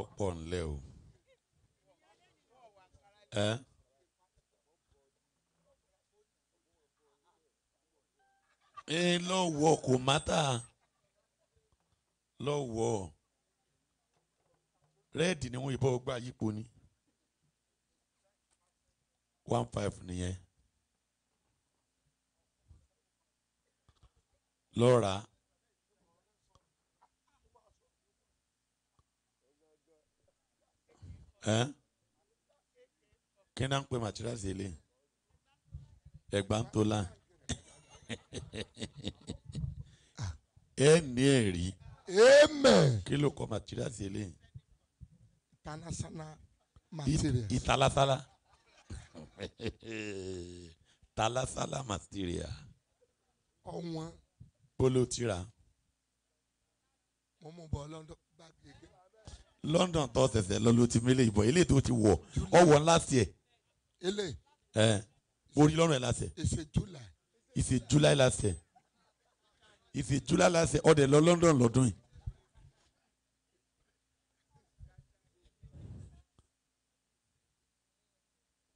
ọ̀pọ̀ ńlẹ̀ o ẹ ẹ lọ́wọ́ kò mátà lọ́wọ́ rẹ́ẹ̀dì ni wọ́n yìnbọn gbà yípo ni one five nìyẹn lọ́ra kí náà ń pè materials ilé ẹgbà ń tó la ẹ ní ẹ̀rí kí ló kọ materials ilé international materials ìtalasala talasala material ọ̀wọ́n bolo tira. mo mú bọ́ lọ́dọ̀ bá gbé London tó ṣẹ̀ṣẹ̀ lọ ló ti mélé ìbọn eléyìí tó ti wọ̀ ọwọ́ ńlá sí ẹ̀. ele. ẹ mo rí lọ́rùn ẹ̀ lásẹ̀. ìṣe July. ìṣe July lásẹ̀. ìṣe July lásẹ̀ ọ̀dẹ̀ lọ London lọ́dún yìí.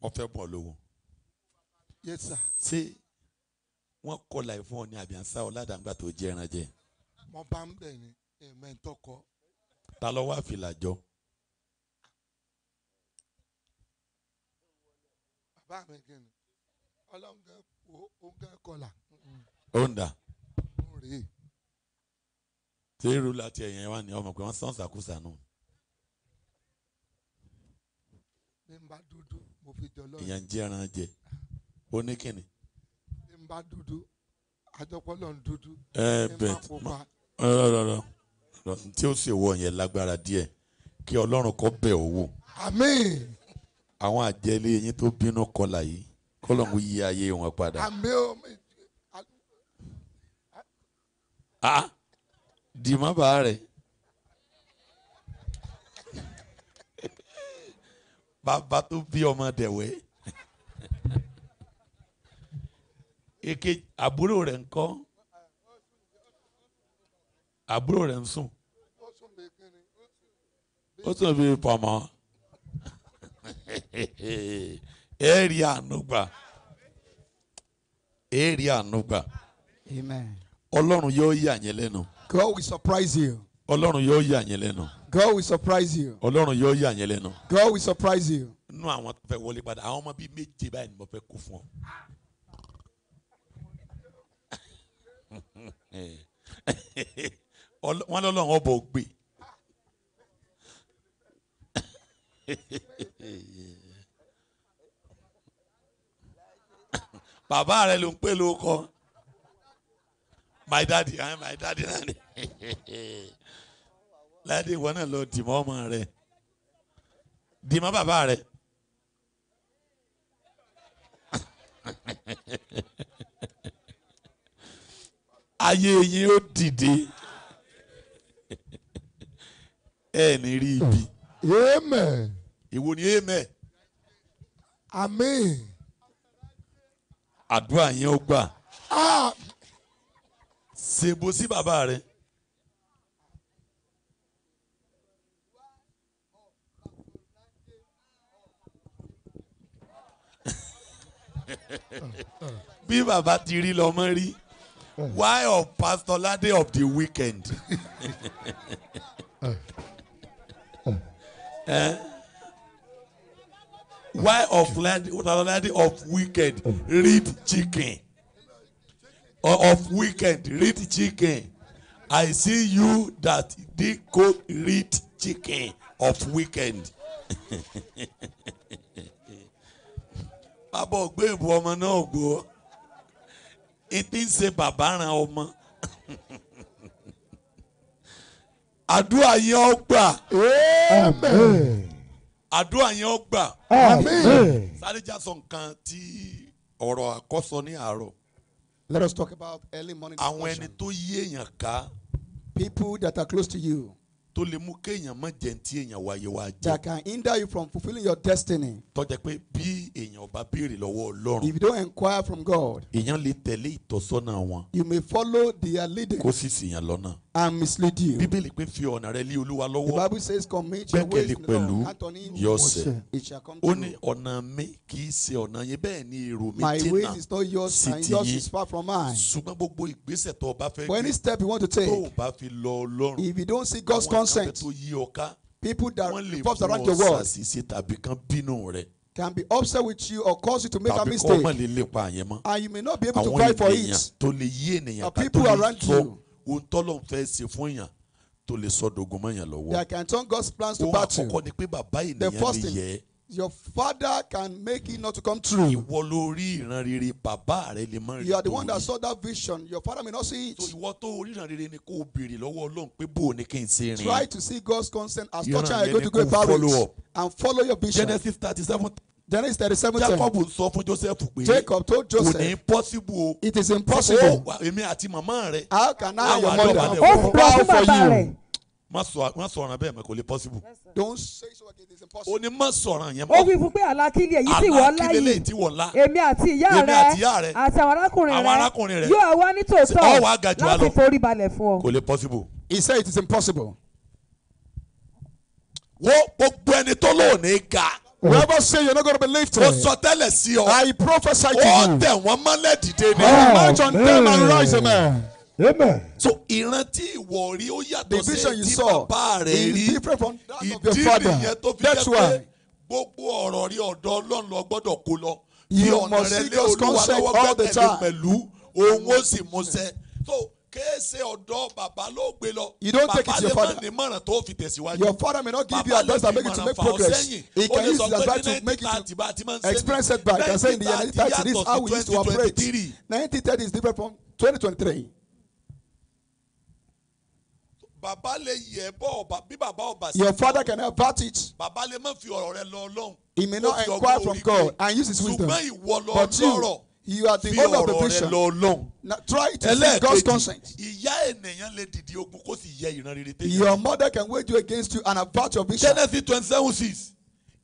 wọ́n fẹ́ bọ̀ lówó. yes sir. ṣé wọ́n kọ́ láì fún ọ ní àbíànsá ọ̀làdàgbà tó jẹ́ ẹran jẹ. mo bá ń bẹ̀ ni ẹ̀mẹ́ntọ́kọ ta ló wá fìlà jọ. bàbá mi kì ni ọlọ́run gan ó gan kọlà. ó ń dà. tí irú láti ẹ̀yìn wá ní ọmọ pé wọ́n sàn sàkúsà náà. bí n bá dúdú mo fi jọ lọ́rùn. ìyàn jẹ́ ẹran jẹ ó ní kíni. bí n bá dúdú àjọpọ̀ lọ́n dúdú. ẹ bẹ̀ẹ̀ tí mo rọrọ tí ó sì wọ yẹn lágbára díẹ̀ kí ọlọ́run kó bẹ̀ ọ́ wò. àmín. àwọn àjẹlé yín tó bínú kọlà yìí kọlọ́run yí ayé wọn padà. àmín o. a dìmọ́ bá rẹ̀. bàbá tó bí ọmọ dẹ̀wẹ́. èké àbúrò rẹ̀ ń kọ́ àbúrò rẹ̀ ń sùn ó tún bí pamọ́ ẹ rí àánú gbà ẹ rí àánú gbà ọlọ́run yóò yà yín lẹ́nu. God will surprise you. ọlọ́run yóò yà yín lẹ́nu. God will surprise you. ọlọ́run yóò yà yín lẹ́nu. God will surprise you. nínú àwọn tó fẹ́ wọlé padà àwọn ọmọ bíi méje báyìí ni mo fẹ́ kó fún ọ. wọ́n lọ́lọ́run ọ̀bọ̀ gbé. bàbá rẹ ló ń pè ló my daddy i'm eh, my daddy náà ni láti ìwọ náà lọ dìmọ́ ọmọ rẹ dìmọ́ bàbá rẹ. ayé yín ó dìde ẹ ní rí ibi. amen èwo ni amen. àmín. àdúrà yẹn ó gbà. Ah. ṣèbò sí bàbá rẹ. bí bàbá ti rí lọ́mọ rí why of Pastor Lade of the weekend. eh? Why of land of wicked read chicken? Or of wicked read chicken? I see you that they could read chicken of weekend. Bàbá ògbé ìbò ọmọ náà gbó. Etí ń ṣe bàbá ran ọmọ. Àdúrà yẹn ó gbà. Amen àdúrà yẹn ó gbà. àmín. sáré já sọ nǹkan tí ọ̀rọ̀ àkọ́sọ ní àárọ̀. let us talk about early morning discussion. àwọn ẹni tó yí èèyàn ká. people that are close to you. tó lè mú kéèyàn má jẹ ti èèyàn wáyé wá jẹ. that can hinder you from fulfilling your destiny. tọ́jà pé bí èèyàn bá béèrè lọ́wọ́ Ọlọ́run. if you don't inquire from God. èèyàn lè tẹ̀lé ìtọ́sọ́nà wọn. you may follow their leading. kó sì ṣìyàn lọ́nà. and mislead you. bíbélì pé fi ọ̀nà rẹ lé olúwa lọ́wọ́. the bible says commit your ways to the lord attorney yọ̀ọ̀sẹ̀. ó ní ọ̀nà mi kì í ṣe ọ̀nà yẹn bẹ́ẹ̀ ni èrò mi tẹ̀nà sí ti yín. my way is not yours and yours is far from mine. ṣùgbọ́n gbogbo ìgbésẹ̀ tó o bá fẹ́ gbé. for any step you want to take. tó o bá fi lọ ọlọ́run. if you don't see God's consent. àwọn kan tó yí ọ people that perform around your world. wọ́n lè mú ọ ṣàṣìṣe tàbí can be upset with you or cause you to make Tabi a mistake. and you may not be able to fight for it. àwọn ènìyàn tó lè yí ènìyàn ká tó lè sọ ohun tọ́lọ̀ fẹ́ ṣe fún èèyàn tó lè sọ dogun mọ́ èèyàn lọ́wọ́. they can turn God's plans to battle. ohun àkọ́kọ́ ni pé bàbá ènìyàn lè yẹ. your father can make it not to come true. ìwọ ló rí ìran rere bàbá rẹ lè mọ rere. you are the one that saw that vision your father may not see it. ìwọ tó ríran rere ni kó o béèrè lọ́wọ́ Ọlọ́run pé bó o ní kí n ṣe rìn. try to see God's consent as touching I go to go about it and follow your vision. Genesis thirty-seven There is the seventh time. Jacob sọ fún Joseph pé. Jacob told Joseph. Kò ní possible o. It is impossible. Ó èmi àti màmá rẹ̀. How can I your mother? Ó pọ̀ fún bàbá rẹ̀. Má sọ má sọ ọ̀ràn bẹ́ẹ̀ mọ̀ kò lè possible. Don't say so again it is impossible. O ní má sọ ọ̀ràn yẹn mọ́. Ó wí fún pé àlákílẹ̀ èyí tí wọ́n lá yìí. Àlákílẹ̀ èyí tí wọ́n lá. Èmi àti ìyá rẹ̀ àti àwọn arákùnrin rẹ̀. Àwọn arákùnrin rẹ̀. Yóò wá ní tòótọ́. Ọ̀ wá ga jù á lọ. Láti forí balẹ̀ fún ọ. Kò lè possible. He said it is impossible. Wo gbogbo ẹni tó lóòní ga. Whoever mm. say you're not going to believe today. I prophesy to you. Ó tẹ̀ wọ́n mọ́lẹ̀ dìde ni. March on them and rise amen. Amen. So ìrántí ìwọ rí ó yàtọ̀ sí ti bàbá rẹ̀ rí. Ìdí nìyẹn tó fi jẹ́ pé gbogbo ọ̀rọ̀ rí ọ̀dọ̀ Ọlọ́run lọ gbọ́dọ̀ kó lọ. Bí ọ̀nà rẹ̀ lé Olúwa lọ́wọ́ gbọ́dọ̀ pẹ̀lú òun ó sì mú ṣẹ. So You don't take it to your father. Your father may not give you advice that make you to make progress. He can use his advice to make you to experience setback. He can say in the year 1930, this how we used to operate. 9030 is different from 2023. Your father can avert it. He may not inquire from God and use his wisdom. But you, you are the owner of the vision. now try to with God's consent. your mother can wage you against you and avert your vision. Genesis twenty seven six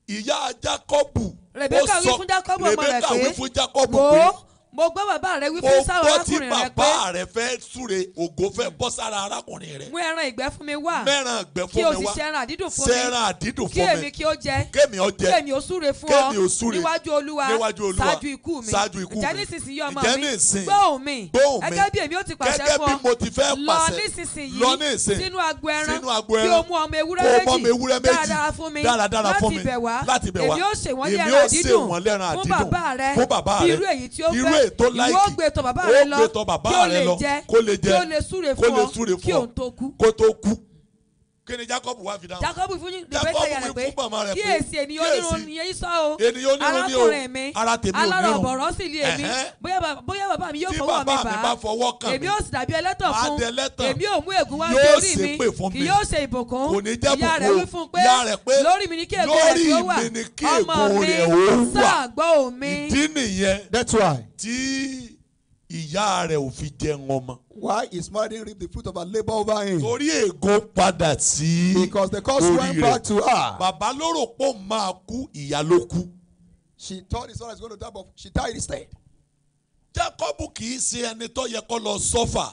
ìyá Jacob. Rebeka wí fún Jacob ọmọ rẹ̀ pé Rebeka mo gbọ́ bàbá rẹ wí fún sára arákùnrin rẹ pé. o gbọ́ tí bàbá rẹ fẹ́ súre ògo fẹ́ bọ́ sára arákùnrin rẹ. mú ẹran ìgbẹ́ fún mi wá. mẹ́ràn ìgbẹ́ fún mi wá. kí o sì ṣẹran àdídùn fún mi. ṣẹran àdídùn fún mi. kí èmi kí o jẹ. kémi o jẹ. kémi o súre fún ọ. kémi o súre. níwájú olúwa. níwájú olúwa. ṣáájú ikú mi. ṣáájú ikú mi. ìjẹ́ nísinsìnyí ọmọ mi. ìjẹ́ nísinsìnyí. gbóhùn mi. gbóhùn mi. gẹ́gẹ́ bí èmi ó ti pàṣẹ ètò láìkì ìwọ gbé tọ̀ bàbá rẹ lọ kí o lè jẹ kí o lè súre fún ọ kí o tó kú kíni jacob wá fi dáhùn. jacob fún yín dùgbẹ́ sẹ̀yà rẹ̀ pé kí èsì ènìyàn onírun ni èyí sọ o arákùnrin mi alára sì lé èmi bóyá bàbá mi yóò fọwọ́ mi bá èmi yóò sì dàbí ẹlẹ́tàn fún èmi yóò mú ègún wá lórí mi kì yóò ṣe ìbùkún ìyá rẹ̀ wí fún pé lórí mi ni kí ègún rẹ̀ tó wà ọmọ mi sáà gbọ́ ìdí nìyẹn tí ìyá rẹ̀ ò fi jẹun ọmọ. why is Mary reap the fruit of her labour over him. torí ègò padà sí orí rẹ̀ because the cost went back to her. bàbá ló rò pé máa kú ìyá ló kú. she thought his son was going to die but she died instead. Jacob kì í ṣe ẹni tó yẹ kó lọ sọ́fà.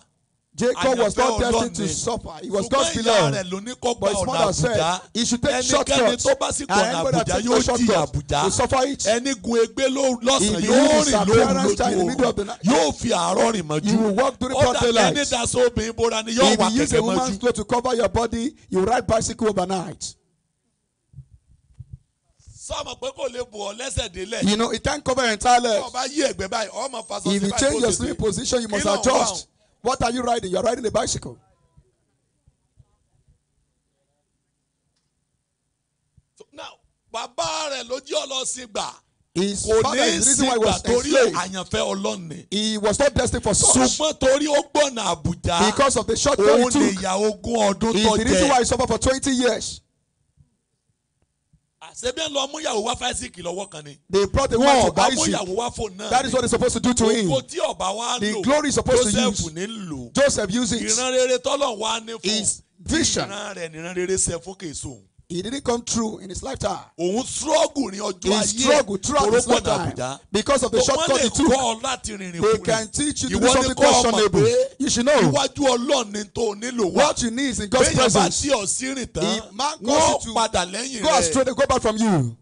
Jacob was not destined to suffer. He was God's beloved. But his mother said he should take shortcuts. And anybody that takes shortcuts will suffer it. Ẹni gun egbe lọ́sàn-án yóò rìn lóru yóò fi You will walk during the daylight. Ọ̀dà ẹni If you use a woman's cloth to cover your body, you ride bicycle overnight. you know it can cover your entire leg. if you change your sleep position you must adjust. What are you riding? You're riding a bicycle. So now, Baba, rẹ̀ ló jẹ́ ọlọ́sìn His father is the reason why he was enslaved. He was not destined for such. Because of the short term he took. He is the reason why he suffered for twenty years ṣebí ń lọ mú ìyàwó wá fásitì lọ́wọ́ kan ni. they brought the one ọba isi that is what they supposed to do to him. oko tí ọba wa lò the glory supposed to use joseph ní lò joseph use it. ìran rere tọ́lọ̀ wa ní fún. is vision. ìran rẹ̀ nìran rere ṣe fún kèso. He didn't come true in his lifetime. Òun struggle ní ọjọ́ ayé. He struggled throughout his lifetime. Because of the shortcut he took. Wọ́n lè kọ́ láti rìnrìn kúrò. They can teach you to do something questionable. You should know. Iwájú Ọlọ́run ni tó nílò wá. What you need is in God's presence. Bẹ́ẹ̀ni bá tí ọ̀ rìn tán. He man goes to. Wọ́n padà lẹ́yìn Go astray go back from you.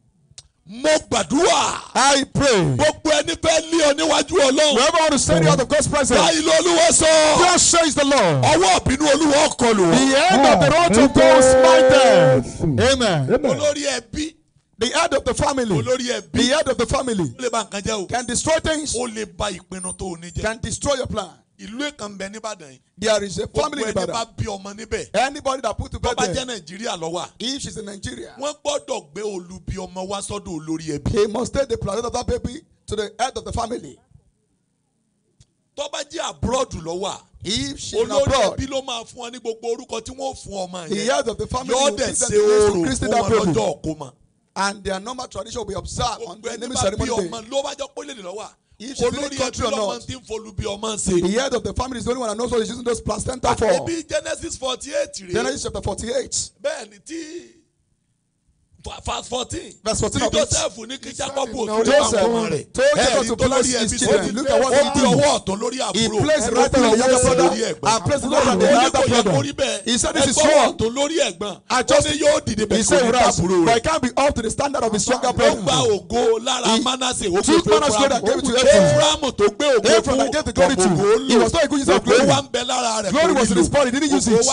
Mo gbàdúrà. I pray. Gbogbo ẹni fẹ́ lé ọ níwájú Ọlọ́run. Whoever want to send you out of God's presence. Báyìí ló Olúwa sọ. God says the Lord. Ọwọ́ ìbínú Olúwa kọlù. The end of the road to go smite them. Amen. Olórí ẹbí. The head of the family. Olórí ẹbí. The head of the family. Ó lè bà nǹkan jẹ́ o. Can destroy things. Ó lè bà ìpinnu tó o ní jẹ́. Can destroy your plan. ìlú kan bẹ nìbàdàn yìí. there is a family in Ibadan. gbogbo ẹni bá bí ọmọ níbẹ̀. anybody that put to bed there. tó bá jẹ́ nàìjíríà lọ wà. if she is in Nigeria. wọ́n gbọ́dọ̀ gbé olubi ọmọ wá sọ́dọ̀ olórí ẹbí. he must take the placenta of that baby to the head of the family. tó bá jẹ́ abroad lọ wà. if she is abroad. olórí ẹbí ló máa fún ọ ní gbogbo orúkọ tí wọ́n fún ọmọ yẹn. the head of the family will present the name to christian that baby. and their normal tradition will be observed on the naming ceremony day. gbogbo ẹni bá bí ọmọ ló bá jọ pólè lọ́wọ́ olórí ẹbí lọ́mọ tí ń folú the head of the family is the only one I know so he's using those placenta for. àti Genesis forty eight rè. Genesis chapter forty eight. bẹ́ẹ̀ni tí. verse fourteen. verse fourteen of this. joseph ní kí jacob òfin lọ́wọ́ ọmọ rẹ̀. joseph told jacob to place his children look at what he did. ọwọ́ ọ̀tún lórí àbúrò. he placed right hand on the younger brother and placed the left hand on the elder brother. he said this is wrong. ẹgbẹ́ ọ̀tún lórí I just he said he was but he can't be up to the standard of his younger brother. ó gba ògo lára Manasseh ó gbé Ephraim Ephraim tó gbé ògo fún ògo he was not a good user of glory. ògo wa glory was in his body he didn't use it.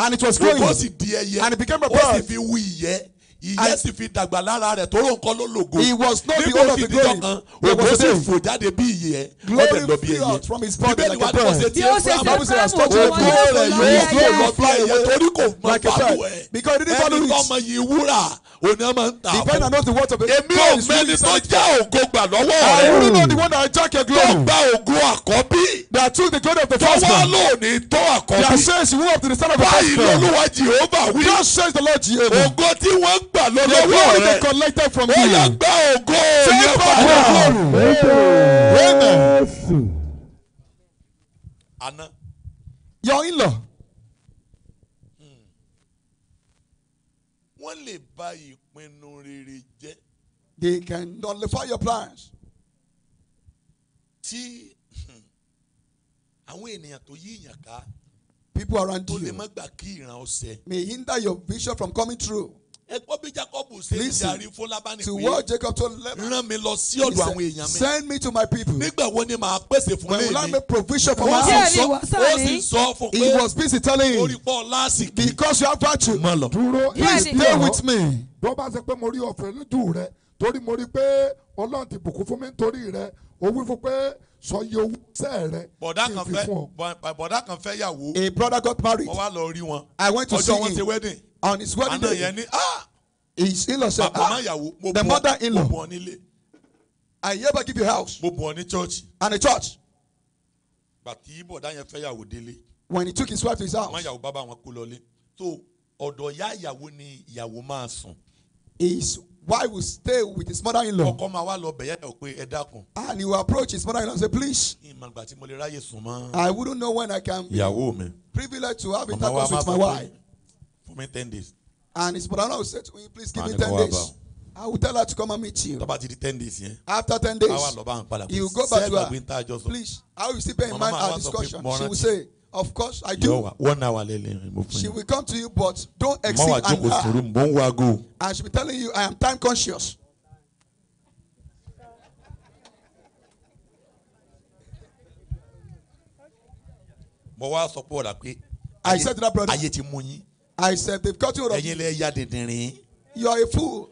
and it was growing. and it became a bird ìyẹ́ sì fi dàgbà lára rẹ̀ tó rò nǹkan ló lògo. he was not the owner of the glory. ògo sì fò jáde bí ìyẹ́ from his bí ẹyẹ. bíbélì wa ni mo ṣe ti Abraham ògo rẹ̀ yóò yóò lọ bí ẹyẹ torí kò mọ pàtó ẹ̀. ẹni kọ́ mọ yìí wúrà òní ọmọ ń ta fún. èmi ò mẹ́ni tó já ògo gbà lọ́wọ́ rẹ̀. I don't know the one that jack your glory. tó gba ògo àkọ́bí. that took the glory of the first born. tọ́wọ́ lónìí tó àkọ́bí. that says he went up to the son of the first born. báyìí lolúwa Jehovah wí. that says the Lord Jehovah. ògo tí wọ́n gbà lọ́wọ́ rẹ ó yà gbà ògo rẹ padà. Àná. Your in-law. Hmm. Wọ́n lè bà ìpinnu rere jẹ́. They can nullify your plans. Tí hmm, àwọn ènìyàn tó yí ìyàn ká. People around you. Tó lè má gbà kí ìran ọ̀sẹ̀. May hinder your vision from coming true. Listen. to what Jacob told Laban rán mi send me to my people nígbà wo when will I make provision for my house he was busy telling him because you have virtue please stay with me. bó ṣe pé mo rí ọ̀fẹ́ lójú rẹ torí mo rí pé Ọlọ́run ti bùkún fún mi nítorí rẹ ó wí fún pé sọ iye owó sẹ́ rẹ kí n fi fún ọ. bọ̀dá kan fẹ́ yàwó. a brother got married. wọ́n wá lọ rí wọn. I went to see him. ọjọ́ wọn ti wedding on his wedding day. ah. his in-law said ah the mother-in-law. I ever give you a house. mo bọ̀ ní church. and a church. bàtí bọ̀dá yẹn fẹ́ yàwó délé. when he took his wife to his house. so ọ̀dọ̀ ya ìyàwó ni ìyàwó his wife will stay with his mother-in-law. and he will approach his mother-in-law and say please. I wouldn't know when I can be. ìyàwó mi. privileged to have a with my wife. me ten days. And his brother will say to him, please give me ten days. I will tell her to come and meet you. Tọ́ba ti ten days yẹn. After ten days, you go back to her. Please, I will still bear in mind our discussion. She will say, of course I do. She will come to you, but don't exceed an hour. And she will telling you, I am time conscious. I said to that brother, I said, they've got you wrong. ẹ̀yin ya dìndìnrín. you are a fool.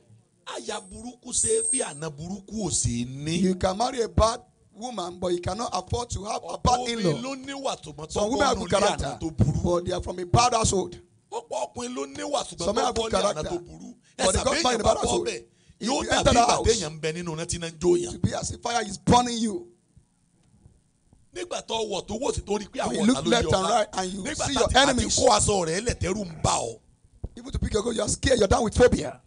àyà burúkú ṣe é fi àna burúkú ò sí ní. you can marry a bad woman but you cannot afford to have a bad in-law. ọkùnrin ló níwà tòmọ́tò bọ́ọ̀lù ní àná tó burú. but they are from a bad household. ọ̀pọ̀ ọkùnrin ló níwà tòmọ́tò bọ́ọ̀lù ní àná tó burú. ẹ̀sà bẹ́ẹ̀ bá bọ́ bẹ́ẹ̀ yóò dàbí ìbàdí ń bẹ nínú náà náà jó yàn. to be as if fire is burning you nígbà tó wọ̀ tó wò sí tó rí pé àwọn ọ̀tá ló yọ ọ́ nígbà tá a ti kó aṣọ rẹ̀ lẹ̀tẹ́rù ń bá ọ. even to pick your goal you are scared you are down with phobia.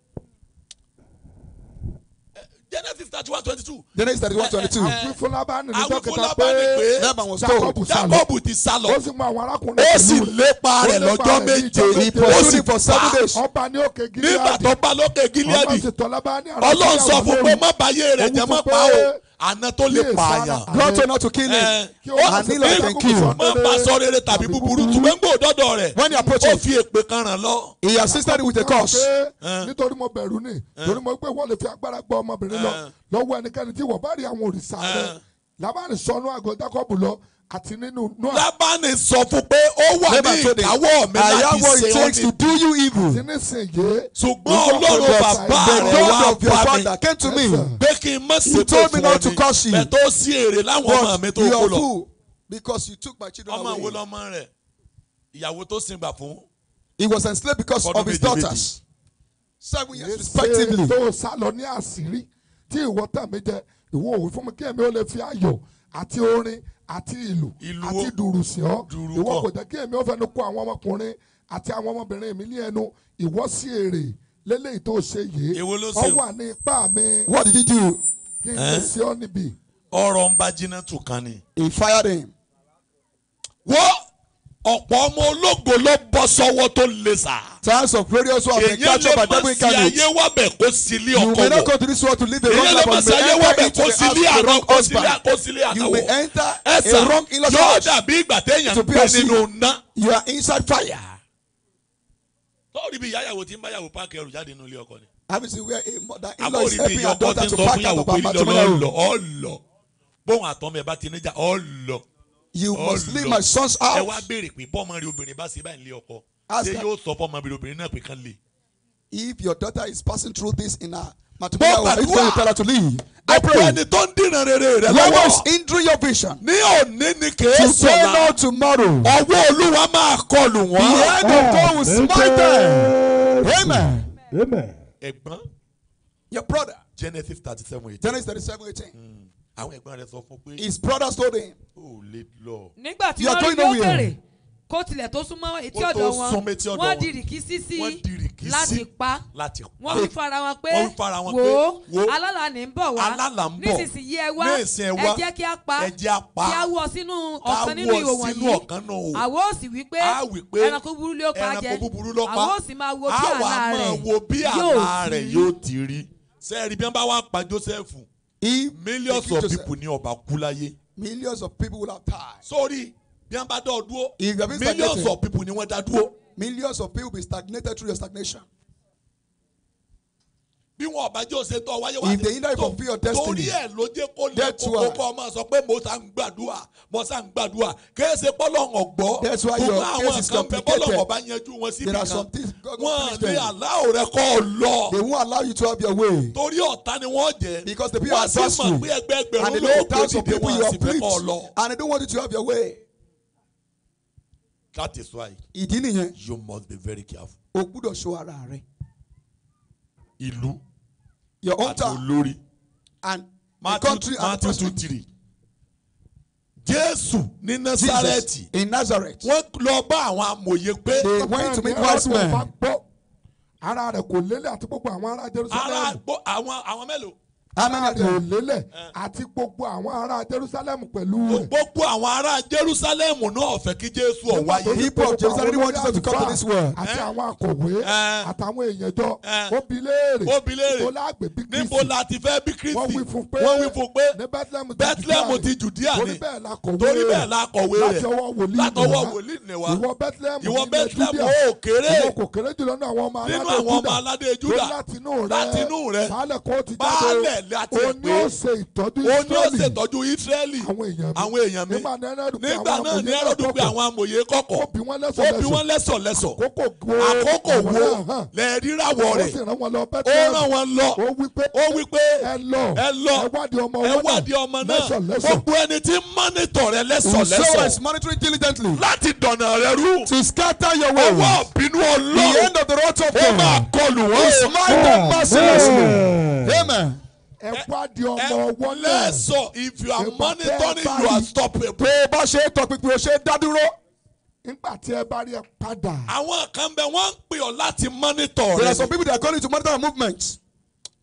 Eh, Genesis thirty one twenty two. Genesis thirty one eh, twenty two. Àwífúnlábánì eh, ní dókítà pé Lẹ́bàwọ̀n sọ Jacob ti sá lọ. Ó sì mú àwọn arákùnrin rẹ̀ lù. Ó sì lépa rẹ̀ lọ́jọ́ méje. Ó sì pa ọba ní òkè Gíláàdì. Nígbà tó bá lókè Gíláàdì. Ọlọ́run sọ fún pé má bàyé rẹ̀ jẹ́ mọ́ pa o àná tó lè pààyàn. God told not to kill him. àní lọ tẹ̀ kí o. má bá sọ rere tàbí búburú ṣùgbọ́n gbò dọ́dọ̀ rẹ̀. when he approached him. ó fi èpè kan ràn lọ. he assisted with a curse. Eh. nítorí mo bẹ̀rù ni eh. torí mo pé wọ́n lè fi agbára gba ọmọbìnrin lọ eh. lọ́wọ́ ẹnikẹ́ni tí wọ́n bá rí àwọn òrìṣà rẹ̀ lábàárín sọnù àgọ́ lọ àti nínú noa. lábánì sọ fún pé ó wà ní ìkáwọ́ mi láti ṣe ọ́ to do you evil. àti nísìnyé. ṣùgbọ́n ọlọ́run bàbá rẹ̀ wá bá mi. came to me. pé kí n má ṣe tó fún ọ bẹ̀ tó sí èrè láwọn ọmọ mi tó kó lọ. because you took my children away. ọmọ wo lọmọ rẹ̀ ìyàwó tó sin gbà fún. he was enslaved because of his daughters. seven years respectively. ṣé tó sá lọ ní àṣírí tí ìwọ tàn mí jẹ ìwọ òwe fún mi kí èmi ó lè fi ayọ̀ àti orin àti ìlù àti dùrùsíọ́ ìwọ kò jẹ́ kí èmi ó fẹnu kó àwọn ọmọkùnrin àti àwọn ọmọbìnrin mi ní ẹnu ìwọ sí èrè lélẹ́yìí tó ṣe yìí ọ wà ní ipá mi. what did he do? kí n ṣe ọ níbí. ọ̀rọ̀ ń bá jiná tù kan ni. he fired him. wọ́n ọ̀pọ̀ ọmọ ológo ló bọ́ sọ́wọ́ tó le sà. times of various wars and catch up and devil incarnate. èyàn lè mọ̀ sí ayé wa bẹ̀ kó sílé ọkọ wò. you may not go to this world to live a wrong life but you may enter into the house of the wrong husband. you may enter a wrong in-law house to be a sinner. you are inside fire. tọ́ọ̀rì bí ìyáyàwó tí ń báyàwó páàkì ẹrù jáde nínú ilé ọkọ ni. àbísí where a mother in-law is helping her daughter to pack out of her matrimonial room. bóun àtọ́mọ̀ ẹ̀ bá ti níjà ọ̀ lọ you oh must leave my son's house. ẹ wá béèrè pé bọ́ọ̀mọ rẹ obìnrin bá ṣe báyìí lé ọkọ ṣé yóò sọ fọ́ọ̀mọ rẹ obìnrin náà pé kán lè. if your daughter is passing through this in her matrimonial life if you tell her to leave. I pray. Ẹni tó ń dìnnà rere rẹ lọ́wọ́. What was hindering your vision? Ní òní ni kì í sọ̀nà. Today not tomorrow. Ọwọ́ Olúwa máa kọlù wọ́n. The head of God will smite them. Amen. Amen. Ẹ̀gbọ́n. Your brother. Genesis thirty-seven eighteen. Genesis thirty-seven eighteen. Hmm àwọn ẹ̀gbọ́n rẹ̀ sọ fún pé. his brother told him. o lè lọ. nígbà tí wọ́n rí bí ó kéré kó tilẹ̀ tó súnmọ́ etí ọ̀dọ̀ wọn wọ́n di rìkísí sí láti pa wọ́n wí fara wọn pé wò ó alálà ní ń bọ̀ wá nísinsìnyí ẹ wá ẹ jẹ́ kí a pa kí a wọ sínú ọ̀kan nínú ihò wọ̀nyí àwọ̀ ó sì wí pé ẹranko búburú ló pa jẹ àwọ̀ ó sì máa wo bí àlá rẹ̀ yóò ti rí sẹ́ẹ̀rì bí wọ́n bá wá pa Jósẹ́fù if millions of people ní ọba kú láyé. millions of people will have died. Sorry, bí wọ́n bá dọ̀ dúró millions of people ni wọ́n dá dúró. millions of people be stagnated through your stagnation bí wọn ọba you òṣètò ọwáyé wá sí torí ẹ̀ ló jẹ́ kó lè kókó kọ́ ọmọ sọ pé mo sá ń gbàdúrà mo sá ń gbàdúrà kéèsè pọ́lọ́hàn gbọ́ gbogbo àwọn kan bẹ pọ́lọ́hàn bá yanjú wọn síbi kan wọn ní aláwọ̀ rẹ kọ́ ọ lọ. they won't allow you to have your way. torí ọ̀tá ni wọ́n jẹ because the people are trust you and they know thousands of people you have preached and they don't want you to have your way. that is why ìdí nìyẹn you must be very careful. o gbúdọ̀ ṣọ́ ara rẹ. ìlú your own town olórí and Matthew, country and Matthew two three ní Nazareti in Nazareth wọ́n lọ bá àwọn amòye pé they went to meet wise men. ara rẹ̀ kò lélẹ̀ àti gbogbo àwọn ará Jerusalem. ara àwọn àwọn mélòó ààrẹ lélẹ̀ àti gbogbo àwọn ará Jerusalem pẹ̀lú rẹ̀. gbogbo àwọn ará Jerusalem náà fẹ́ kí Jésù ọ̀wá yé. people of Jerusalem want Jesus to come to this world. àti eh? àwọn akọ̀wé eh? àtàwọn èèyàn jọ eh? ó bi léèrè níbo la gbé bí Kristi. níbo la ti fẹ́ bí Kristi. wọ́n wí fún pé wọ́n wí fún pé ní Bethlehem ti Judea ni torí bẹ́ẹ̀ la kọ̀wé rẹ̀ látọwọ́ wòlíì ni wa ìwọ Bethlehem ìwọ Bethlehem ó kéré ìwọ kò kéré jùlọ nínú àwọn ọmọ aládé Júdà látinú rẹ̀ baálẹ̀ kó ti jáde tẹ̀lé àti ẹ̀ pé òní ó ṣe ìtọ́jú Ísírẹ́lì àwọn èèyàn mi nígbà náà ní Hẹ́rọ́dù pé àwọn amòye kọ̀kọ̀ ó bí wọ́n lẹ́sọ̀ lẹ́sọ̀ àkókò wo lẹ̀ ríràwọ̀ rẹ̀ ó ràn wọ́n lọ ó wí pé ẹ lọ ẹ wádìí ọmọ náà gbogbo ẹni tí mọ́nítọ̀ rẹ lẹ́sọ̀ lẹ́sọ̀ láti dọ̀nà rẹ rú ọwọ́ bínú ọlọ́run ó máa kọlù wọ́n. Amen. Let's so if you are monitoring, you are stopping. Bó bá ṣe é tọpinpin, o ṣe é dá dúró nígbà tí ẹ bá rí ẹ padà. àwọn kan bẹ wọn ń pè ọ láti monitor rẹ. there are some people that call you to monitor your movement.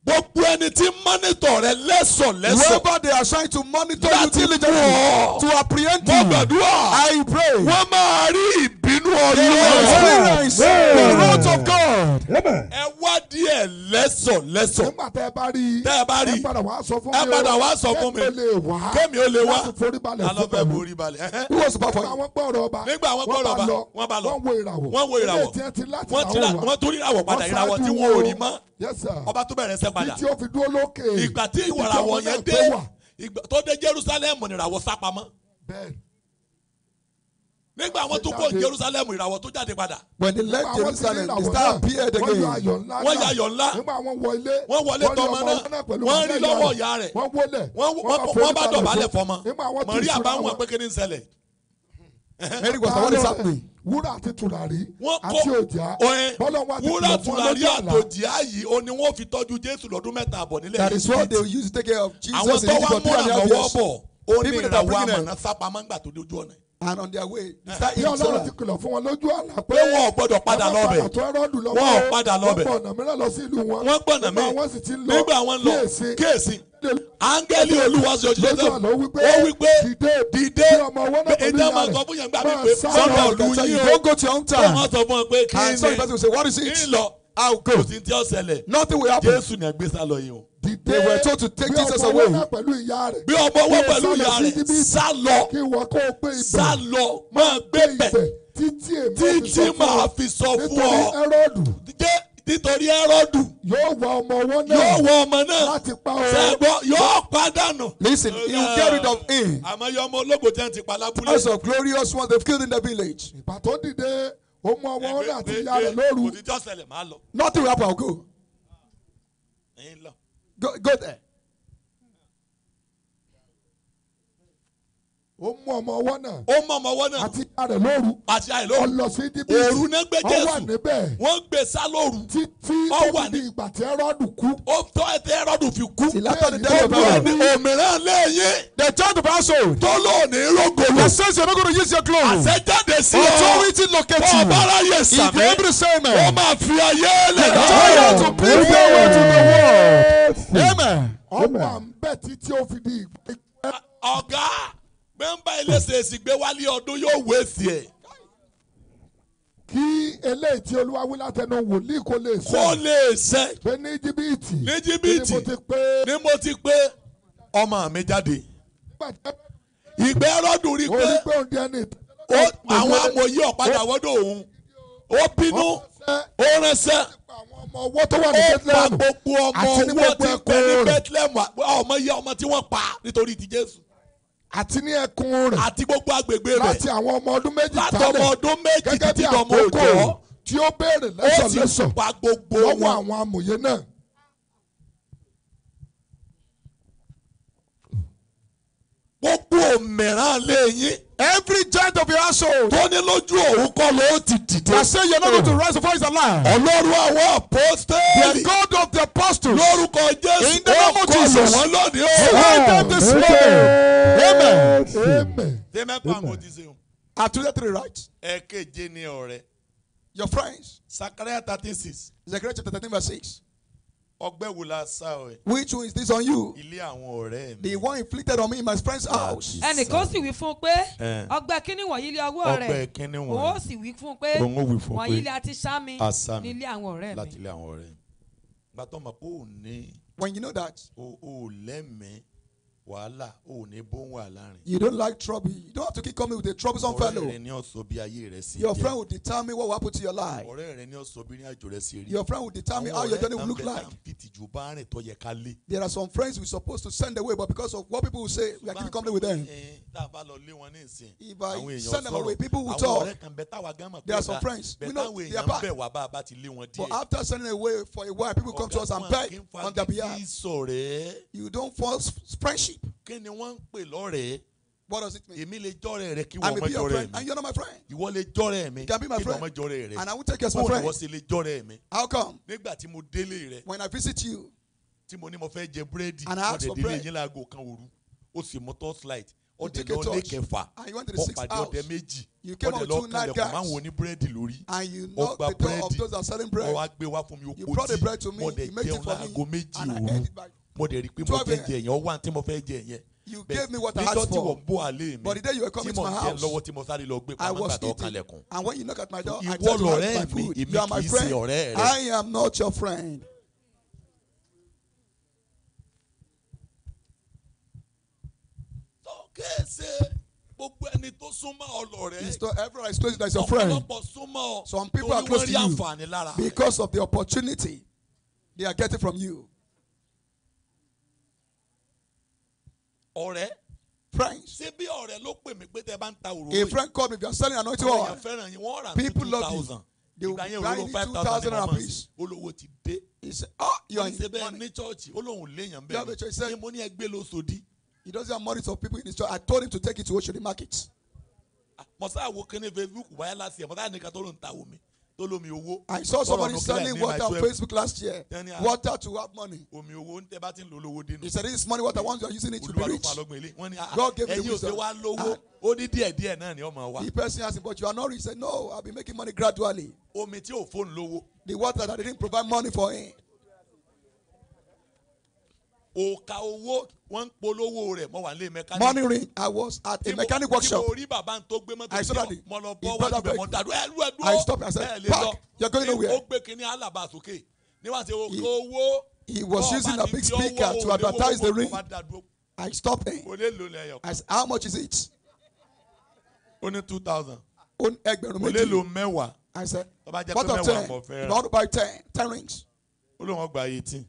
gbogbo ẹni tí monitor rẹ lẹ́sọ̀ lẹ́sọ̀. whoever they are trying to monitor you diligently to apprehend you. mo gbàdúrà. I pray. wọ́n máa rí ìbí nínú ọ̀yọ́ the wrath of God ẹ wá díẹ̀ lẹ́sọ̀ lẹ́sọ̀ nígbà tẹ́ ẹ bá rí tẹ́ ẹ bá rí ẹ padà wá sọ fún mi ẹ padà wá sọ fún mi kémi ó lè wá alọ́fẹ́ borí balẹ̀ nígbà wọn gbọ́ ọ̀rọ̀ bá wọn bá lọ wọn wo ìràwọ̀ wọn tún ìràwọ̀ padà ìràwọ̀ tí wọn ò rí mọ́ ọba tó bẹ̀rẹ̀ sẹ́ padà ìgbà tí ìwọ̀ràwọ̀ yẹn dé tó dé Jerusalem nìràwọ̀ sápamọ́ nígbà wọn tó kó jerusalem ìràwọ̀ tó jáde padà. when they left jerusalem the star appeared again. wọ́n ya ayọ̀ ńlá. nígbà wọ́n wọ ilé. wọ́n wọlé tọmọ náà. wọ́n rí lọ́wọ́ ìyá rẹ̀. wọ́n wọlé. wọ́n bá dọ̀bálẹ̀ fọmọ. mọ̀ríà bá wọn pé kí ni ń ṣẹlẹ̀. Mary was the one is happening. wúrà àti tùràrí àti òjá bọ́lá wà ní wúrà tùràrí àtòjá yìí o ni wọ́n fi tọ́jú Jésù lọ́dún mẹ́ta àbọ̀ nílẹ̀ Egypt. that is what they used to take care of Jesus in Egypt for three and a half years. àwọn tó wá múra lọ́wọ́ bọ̀ ó ní ìràwọ̀ àmọ̀nà sápamọ́ ńgbà tó dojú ọ̀nà and on their way. bí eh, ọlọ́run ti kìlọ̀ fún wọn lójú àlá pé wọn ò gbọ́dọ̀ padà lọ́bẹ̀ wọn ò padà lọ́bẹ̀ wọ́n gbọ́nà mìíràn lọ sí ìlú wọn wọ́n gbọ́nà mìíràn nígbà wọn lọ kéèsì áńgẹ́lì olúwa sọ jíjẹ́ sọ ó wí pé dìde fún yẹn gbà mí pé sọ́dọ̀ ọ̀lú yìí ó go to your town wọ́n sọ fún ọ pé kí ni lọ kò sí ti ọ̀sẹ̀ lẹ̀ ni ẹgbẹ́ sálọ yìí o they were told to take Jesus away. bí ọmọ wọn pẹ̀lú ìyá rẹ̀ sá lọ sá lọ máa gbé bẹ̀ títí máa fi sọ fún ọ nítorí ẹrọdù yóò wọ ọmọ wọn náà yóò wọ ọmọ náà láti pa ọ ṣẹgbọ yóò padànù. listen he will get rid of him. àmọ́ iye ọmọ ológo jẹ́ ti pa lábúlé. as of glorious one. they killed in the village. ìbátan dìde ó mú ọmọ ọ̀rẹ́ àti ìyá rẹ̀ lóru. nothing will happen i will go. Go, go there. ó mú ọmọ ọwọ́ náà. ó mú ọmọ ọwọ́ náà. àti ìyá rẹ̀ lóru. àti ìyá rẹ̀ lóru. ọlọ sí dídí. òru náà gbé jésù. ó wà níbẹ̀. wọ́n gbé e sá lóru. títí ó di ìgbà tí ẹrọ́dù kú. ó tọ́ ẹ tí ẹrọ́dù fi kú. sílátọ́ni dẹ́rẹ́ bá rẹ̀. òmìnira lẹ́yìn. the church pastor. tó lò ní rogolo. the saints are not going to use your clothes. àṣẹjáde sí ọ. authority locate you. ọba ara yẹ sàmì. ìgbẹ́ bí sẹ́mẹ̀. ó máa fi ayé lẹ̀ ó wà ń bẹ̀ títí ó fi di ìgbẹ́. ọ̀gá mẹ́ńbà eléṣèṣì gbé wálé ọdún yóò wé sí ẹ̀. kí eléyìí tí olúwa wí látẹnu wòlíì kó lè ṣẹ. kó lè ṣẹ. pé ní jìbìtì. ní jìbìtì ni mo ti pé ọmọ mi jáde. ìgbẹ́ rọ́dùn rí pé àwọn amòye ọ̀padà wọ́dọ̀ òun ó bínú ó ránṣẹ́ ọmọ owó tó wà ní Bethlehem ó pa gbogbo ọmọ owó tí pẹ́ ní Bethlehem ọmọ iye ọmọ tí wọ́n pa nítorí ti Jésù àti ní ẹkùn rẹ̀ àti gbogbo agbègbè rẹ̀ láti àwọn ọmọ ọdún méjì tálẹ̀ láti ọmọ ọdún méjì títí ọmọ òjò tí ó béèrè lẹ́sọ̀lẹ́sọ̀ lọ́wọ́ àwọn amòye náà gbogbo òmìnira lé yín. every joint of your household. tó ní lójú òun kọ́ ló ti dìde. na say you no go to hmm. rise before his alarm. ọlọ́run àwọn apostoli. the God of the apostles. lórúkọ jésù ó kọlù wọn lónìí o. find them this morning. amen. amen. dèmẹ́ pàmò dísè o. àtúndé three right. ẹ̀ẹ́kejì ni your friends. Zechariah thirteen six. Zechariah chapter thirteen verse six ọgbẹ́ wo la sá ọ. which one is this on you. ilé àwọn ọ̀rẹ́ mi. the one inflicted on me in my friend's ah, house. ẹnìkan sì wí fún un pé ọgbẹ́ kínní wọ̀nyí lé ọwọ́ rẹ̀ ọgbẹ́ kínní wọ̀nyí òun sì wí fún un pé wọ̀nyí lé àti sámi nílé àwọn ọ̀rẹ́ mi. láti ilé àwọn ọ̀rẹ́ mi. gbàtọ́ mọ̀ pé ò ní. when you know that. o ò lẹ́mìí. wàhálà ò ní bóun wà láàrin. you don't like trouble you don't have to keep coming with a troublesome fellow. ọ̀rẹ́ rẹ ni ó sọ bí ayé rẹ sí jẹ́. your friend will determine what will happen to your life. ọ̀rẹ́ rẹ ni ó sọ bí ní rẹ sí rí. your friend will determine how your journey will look like. àwọn ọ̀rẹ́ kan bẹ̀rẹ̀ tìjú bá rìn tó yẹ ká lé. there are some friends we supposed to send away but because of what people will say we are keeping company with them. Eh, tá lọ lé wọn ní ìsìn. if I send them away people will talk. there are some friends we know they are bad. bẹ wà bá a bá ti lé wọn díẹ̀. but after sending away for a while people come to us and beg on their behalf. you don't force friendship. friendship. kí ni wọ́n ń pè lọ́rẹ̀ẹ́. What does it mean? Èmi lè jọ́rẹ̀ rẹ kí wọ́n ọmọ jọ́rẹ̀ mi. And you're not my friend. Ìwọ lè jọ́rẹ̀ mi. can be my friend. Kí ni ọmọ jọ́rẹ̀ rẹ. And I will take your as my friend. Bọ́ọ̀lù wọ́n sì lè jọ́rẹ̀ mi. How come? Nígbà tí mo délé rẹ. When I visit you. Tí mo ní mo fẹ́ jẹ búrẹ́dì. And I ask for bread. Mo dẹ̀ délé yín láago kan òru. O sì mọ tọ́sí You Ọdẹ lọ ní kẹfà. Ọ̀pàdé ọdẹ méjì. Ọdẹ lọ kalẹ̀kùn máa ń wo ní búrẹ́dì lórí. Ọgbà búrẹ́dì. Ọwọ́ agbé wá fún mi. O kò tí. Ọdẹ jẹun láago méjì òru. you gave me what I asked for but the day you were coming to my house I was eating and when you knock at my door I tell you how my food you are my friend I am not your friend. kéèsè gbogbo ẹni tó súnmọ́ ọlọ́rẹ́. it's to everyone is close that is your friend. some people are close to you because of the opportunity they are getting from you. ọ̀rẹ́ friends. ṣebí ọ̀rẹ́ ló pè mí pé tẹ bá ń ta òróró yìí. a friend called me if you are selling anointing oil. ọ̀rẹ́ fẹ́ràn wọ́n rà people love you they will buy you two thousand naira please. olówó ti dé. he said ah you are in the money. ní church olóhùn léèyàn bẹ́ẹ̀ ni church leeyan bee ni se mo ní ẹgbẹ́ ló sòdí. he doesn't have money for people in his church I told him to take it to Oshodi market. Ah, Facebook láti ẹ̀ nìkan tó ló ń ta omi. tó lómi I saw somebody selling water on Facebook last year. Ah, water to have money. Omi owó ń tẹ́ bá ti ń lo lówó dínú. He said this is money water once you are using it to be rich. Wọ́n ní ah, God gave me wisdom. Ẹ̀yin ò ṣe wá lówó. Ah. Ó ní díẹ̀ díẹ̀ náà ni ọmọ wa. The person asked him but you are not rich. He said no I have been making money gradually. Omi tí ò fóònù lówó. The water that didn't provide money for him òkà owó wọ́n ń polówó rẹ̀ mo wà nílé mẹkáníkì. morning rain i was at a mechanic workshop. tí mo rí bàbá tó gbé mọ́tò tí mo lọ bọ́ wájú bẹ̀ mọ́ dàdú ẹ̀lú ẹ̀dú ọ̀ bẹ́ẹ̀ lè lọ ó gbé kínní alaba sókè níwájú owó. he was using a big speaker to advertise the rain. i stopped him. i said how much is it. ó ní two thousand. ó ní ẹgbẹ̀rún méjì. ó lè lo mẹ́wàá. i said what of ten if i want to buy ten ten rings. ó lóun eighteen.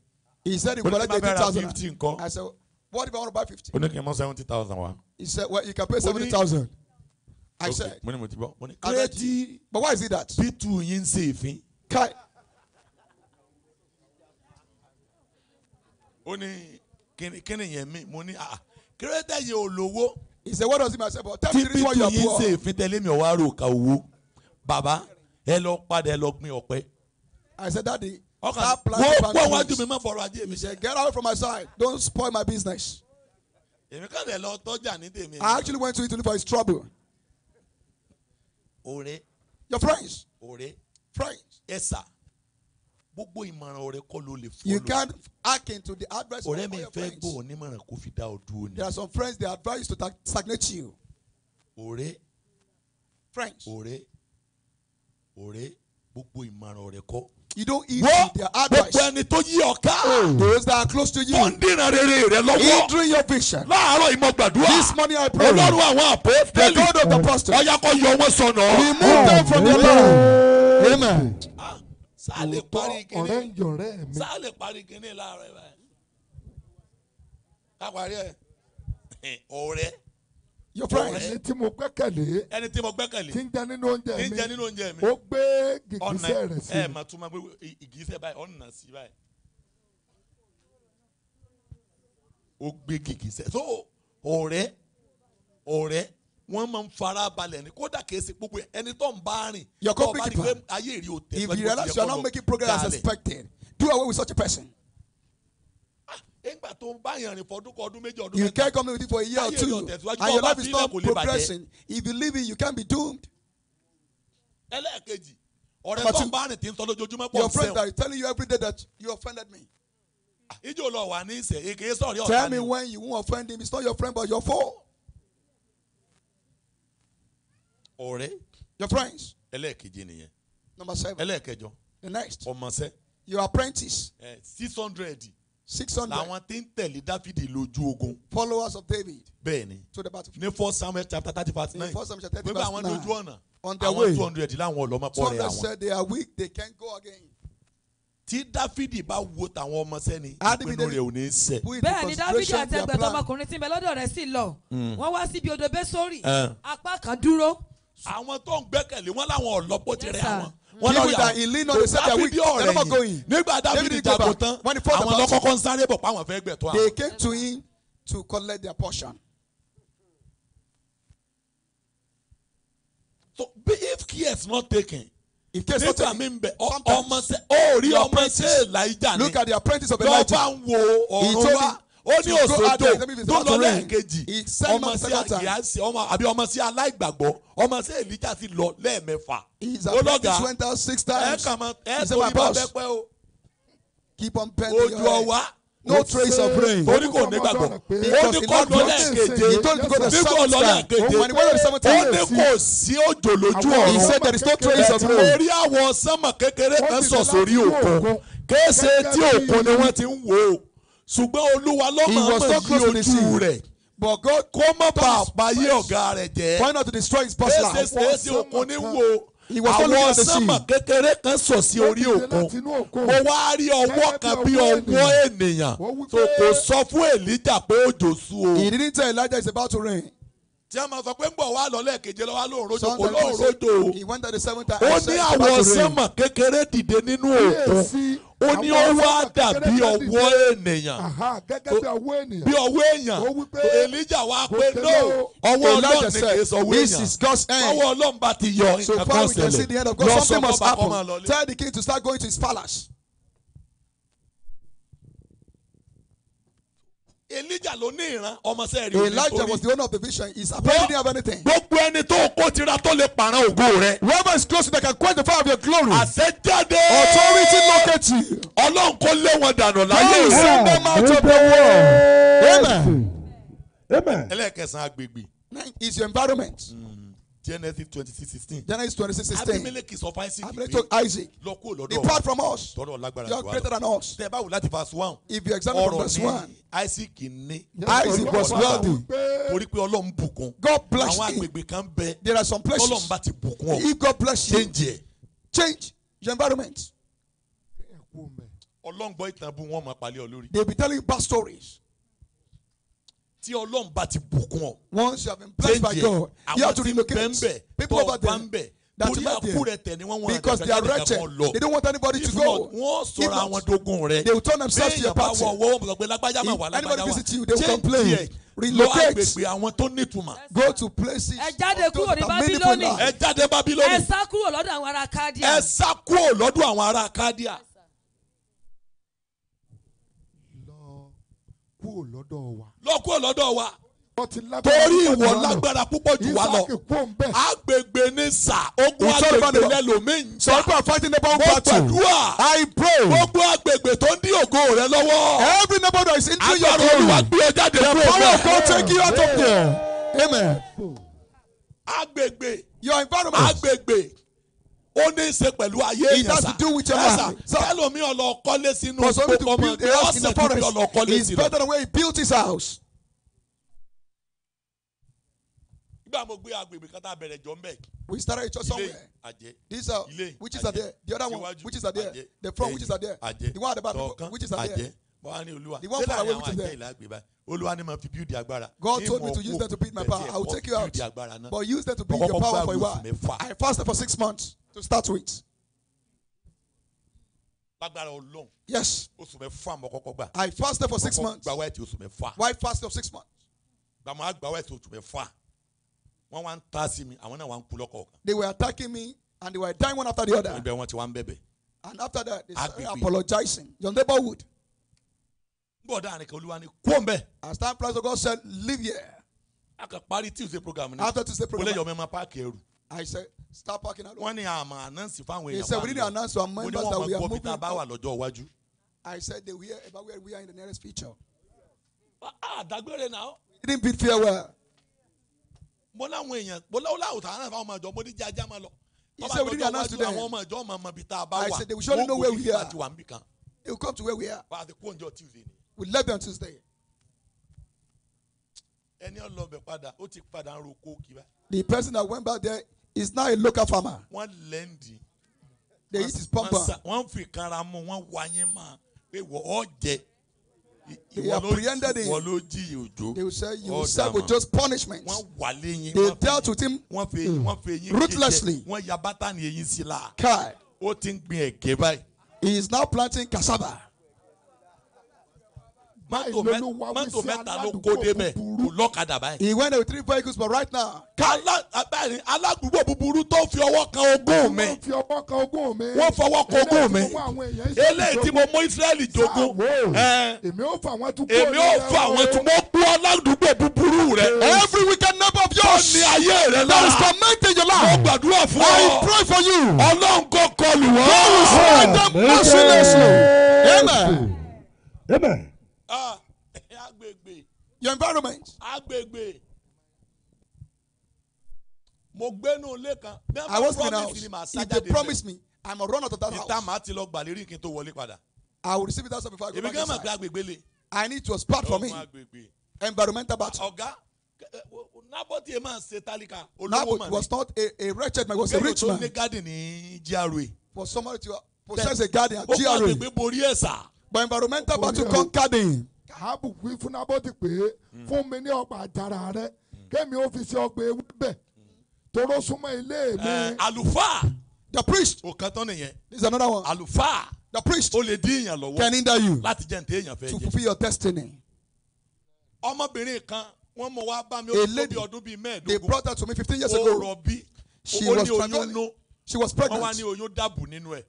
He said he collected 15,000. I said, what if I want to buy 50? Ó ní kí n mú 70,000 He said, well, you can pay 70,000. I said, mo ní mo ti But why is it that? P2 yín ń Kai. Ó ní kíni yẹn mi, mo ní ah kírẹ́tà yẹn ò lówó. He said, what does it mean? I said, but tell me the reason why you are poor. P2 yín ń ṣe èéfín tẹ́lẹ̀ mi ò wá rò ká owó. Bàbá ẹ lọ padà ẹ lọ gbin ọ̀pẹ. I said, daddy that plant of plantations. He said, Get out from my side. Don't spoil my business. I actually went to Italy for his trouble. Ore, Your friends. Ore, Friends. Yes, sir. You can't hack into the advice of your friends. There are some friends they advise to stagnate you. Ore, Friends. Ore, ore. You don't eat Whoa, their advice. Gbogbo ẹni tó yí ọ ká. Oh. Those that are close to you. Tó ń dènà rere rẹ lọ́wọ́. Hindering your vision. Láàárọ̀ ìmọ̀ gbàdúrà. This morning I pray. Olórun àwọn àpótẹ́lì. The God of the apostles. Ọ̀yà kò yọ wọ́n sọnà. Remove them from their life. Amen. Ah, Sáà parí kínní. Ọ̀rẹ́ ń yọ̀rẹ́ mi. Sáà parí kínní láàárọ̀ ìbáyìí. Ká parí ẹ̀. Ọ̀rẹ́ your friend. ẹni tí mo gbẹ́kẹ̀lé. ẹni tí mo gbẹ́kẹ̀lé. tí ń jẹ nínú oúnjẹ mi. tí ń jẹ nínú oúnjẹ mi. ó gbé gìgísẹ̀ rẹ̀ sí. ẹ mà tún ma gbé gìgísẹ̀ báyìí ọ̀nà sí báyìí. ó gbé gìgísẹ̀ so ọ̀rẹ́ ọ̀rẹ́ wọ́n máa ń fara balẹ̀ ní kódà kìí ṣe gbogbo ẹni tó ń bá rìn. your company plan if your relationship not making progress as expected do away with such a person. You can't come with it for a year or two, and your life is not progressing. If you leave it, you can't be doomed. But you, your friend that is telling you every day that you offended me. Ah, Tell me when you won't offend him. It's not your friend, but your foe. Your friends. Number seven. The next. Your apprentice. Eh, six hundred. six hundred. làwọn tí ń tẹ̀lé dáfídì lójú ogun. followers of David. bẹ́ẹ̀ni to the battlefield. ní first Samuel chapter thirty verse nine. ní first Samuel chapter thirty verse nine. pé àwọn lójú ọ̀nà. on their way àwọn two hundred láwọn ọlọ́mọpọ̀ rẹ̀ àwọn. some said they are weak they can't go again tí dáfídì bá wo tàwọn ọmọ sẹ́ni ìpinnu rẹ̀ ò ní í ṣẹ. bẹ́ẹ̀ ni dáfídì àti ẹgbẹ̀tọ́ ọmọkùnrin tí ń bẹ lọ́dọ̀ rẹ̀ sì lọ hmm. wọ́n wá síbi odò bẹ́sórì eh. apá kan dúró. àwọn tó ń gbẹ́kẹ̀lé wọn láwọn ọ̀lọ́pọ̀ ti rẹ̀ àwọn wọn lọ yà dábì bí ọ̀rẹ́ yìí nígbà dábì ìjàgbọ́ tán àwọn lọ́kọ́kọ́ ń sáré bọ̀ páwọn fẹ́ gbẹ̀tọ́ àwọn. they came to him to collect their portion. so if care is not taken nígbà mi ń bẹ ọmọ sẹ ó rí Elijah look at the apprentice of Elijah lọ́ba ń wo ó ní òṣòdò tó lọ lẹ́ẹ̀kejì ọmọ sí àkíyàsí ọmọ àbí ọmọ sí aláìgbàgbọ́ ọmọ sí èlíjà ti lọ lẹ́ẹ̀mẹ́fà ó lọ́gà ẹ kàn mọ ẹ torí bá bẹ́ pẹ́ o ojú ọwá no trace of rain. torí kò ní gbàgbọ́ ó ní kò lọ lẹ́ẹ̀keje bí kò lọ lẹ́ẹ̀keje ó ní kò sí òjò lójú ọ̀run he said there is no trace of rain. orí àwọn sánmà kékeré kan sọ̀ òkun kéèsè tí òkun ni wọ́n ti ń wò ó ṣùgbọ́n olúwa ló máa ń mọ̀ sí ojú rẹ̀. But God kó má bàa báyé ọ̀gá rẹ̀ jẹ́. Why not to destroy his personal life? Ṣé ṣe ṣe okun ní wo? àwọn sánmà kékeré kan sọ̀ sí orí òkun mo wá rí ọwọ́ kan bí ọwọ́ ènìyàn tó kò sọ fún Èlíjà pé òjò sú o. He didn't tell Elijah it's about to rain tí a máa sọ pé ń bọ̀ wá lọ lẹ́ẹ̀keje lọ́wọ́ lóun rojo kò lóun rojo ó ní àwọ̀ sánmà kékeré dìde nínú òkun ó ní ó wá dàbí ọwọ́ ènìyàn bí ọwọ́ èèyàn Elijah wá pé no ọwọ́ Ọlọ́run ni kì í sọ ọwọ́ èèyàn ọwọ́ Ọlọ́run bá ti yọ nǹkan kan ṣẹlẹ̀ lọ sọ ọmọ bàbá lọ lé. Tell the king to start going to his palace. Elijah ló ní ìran ọmọọṣẹ́ rẹ̀. Elijah was the owner of the vision. His apparently didn't have anything. Gbogbo ẹni tó kó tira tó lè pààrọ̀ ògo rẹ̀. Whoever is close to that can quench the fire of your glory. Àṣẹjáde. Authority locate you. Ọlọ́run kò lé wọn dànù láyé. Yóò send them out of the world. Amen. Amen. Ẹlẹ́kẹ̀sán agbègbè. Is your environment. Mm. Genesis twenty six sixteen. Genesis twenty six sixteen. Abimelech is of Isaac. Abimelech took Isaac. Lọ kúrò lọ́dọ̀. Depart from us. Tọ́lọ̀ lágbára jù You are greater than us. Tẹ báwo láti verse one. If you examine from verse one. Isaac ní. Isaac was wealthy. Torí pé Ọlọ́run bùkún. God bless you. Àwọn agbègbè kan bẹ. There are some places. Ọlọ́run bá ti bùkún ọ. If God bless you. Change ẹ̀. Change your environment. Ọlọ́run gbọ́ ìtàn bú wọn máa palẹ̀ ọ lórí. They be telling you bad stories tí ọlọ́run bá ti bùkún ọ. once you have been blessed by God you have to relocate people over there that you met there because they are wretched they don't want anybody to go if not they will turn themselves to your party if anybody visit you they will complain relocate go to places ẹ jáde kúrò ní Bábílónì ẹ jáde Bábílónì ẹ sá kúrò lọ́dọ̀ àwọn ará Kádíà ẹ sá kúrò lọ́dọ̀ àwọn ará Kádíà. kúrò lọ́dọ̀ wa. lọ kúrò lọ́dọ̀ wa torí ìwọ lágbára púpọ̀ jù wá lọ agbègbè ní sà ogun agbègbè lẹ́lòmíì ń jà mo gbàdúrà gbogbo agbègbè tó ń dí ògo rẹ lọ́wọ́ agbára olúwa gbé ọ jáde kúrò rẹ agbègbè agbègbè ó ní í ṣe pẹ̀lú ayé yẹn sa ẹ sa kẹlòmí ọlọ kọ́lé sínú pópó mọ ní ọ̀sẹ̀ níbi ọlọ kọ́lé sí lọ. nígbà mo gbé agbègbè kan bẹ̀rẹ̀ jọ ń we started a church somewhere. these are uh, which is there the other one which is there the front which is are there the one at the back which is are there the one far away which is there. God told me to use that to build my power I will take you out but use that to build your power for a while I fasted for six months to start with. Yes. I fasted for six months. Why fasted for six months? They were attacking me and they were dying one after the other. And after that, they started apologizing. Your neighborhood. gbọ́ dáàrin kan olúwa ni kó mbẹ. as time price God said live here. a kà parí tuesday program ni. after tuesday program. olè yọ̀ mẹ́ma páàkì ẹrù. I said start parking at. wọ́n ní àmà announce fáwọn èèyàn. they said we need to announce our members that we are moving. ó ní wọ́n máa gbọ́ peter lọ́jọ́ iwájú. I said they were about where we are in the nearest future. ah dágbére náà. we didn't bid farewell. mo láwọn èèyàn mo láwọn àwòtán náà fáwọn ọmọ àjọ mo ní jẹ́ he said we didn't announce to àwọn ọmọ àjọ ọmọ ọmọ bíi tá a bá wà. I said they will surely know where they will come to where we are. bá a ti kó oúnjẹ tuesday ni. we left them to stay. the person that went back there is now a local farmer. One lẹ́ndì. they eat his pampa. wọ́n fi kanra They apprehended him. They will say, You will serve with just punishment. They dealt with him ruthlessly. Kai. He is now planting cassava. mọ́tò mẹ́ta mọ́tò mẹ́ta ló kó débẹ̀ kò lọ́kadà báyìí. he went with three vehicles but right now. kálá abẹ́rẹ́ aládùúgbò búburú tó fi ọwọ́ kan ogún mi. fi ọwọ́ kan ogún mi. wọ́n fọwọ́ kan ogún mi. eléyìí tí mo mú Ísírẹ́lì jogún. èmi ò fà wọ́n tún kó èmi ò fà wọ́n tún mọ́ kú aládùúgbò búburú rẹ. every weekend number of yours. tó ní ayé rẹ lára. there is torment in your life. mo gbàdúrà fún ọ. I pray for you. ọlọ́run kò kọlù wọ́n. God will strike them mercilessly. amen. amen. amen your environment. agbègbè mo gbénu ilé kan. I was in the house if they promise me I must run out of that house. ìta màá ti lọ gbàlérí kí n tó wọlé padà. I will receive it outside before I go back inside. èmi gan I need to spot for me environmental battle. ọ̀gá Nabot yẹn máa ṣe tálíkà olówó mà ní. was not a a wretched man he was a rich man. Gẹ́gẹ́ tó ní garden ní GRA. For somebody to possess a garden at GRA. Ó kọ́ àgbègbè borí ẹ̀sà. But environmental battle come him àhábù wí fún nábọ́dì pé hmm. fún mi ní ọgbà àjàrà rẹ hmm. kémi ó fi ṣe ọgbà ewébẹ̀ hmm. toró súnmọ́ ilé eh, mi. àlùfáà the priest. o kan tán nìyẹn. this is another one. àlùfáà. the priest. o lè dín èèyàn lọ́wọ́. can hinder you. láti jẹ́ ntẹ́ èèyàn fẹ́ jẹ́. to fulfil your destiny. ọmọbìnrin kan wọ́n mọ̀ wá bá mi ó tó bí ọdún bíi mẹ́ẹ̀ẹ́dógún. they brought her to me fifteen years ago. o rọ̀ bí. she was pregnant. she was pregnant. wọ́n wá ní oyún dàbù nínú ẹ̀.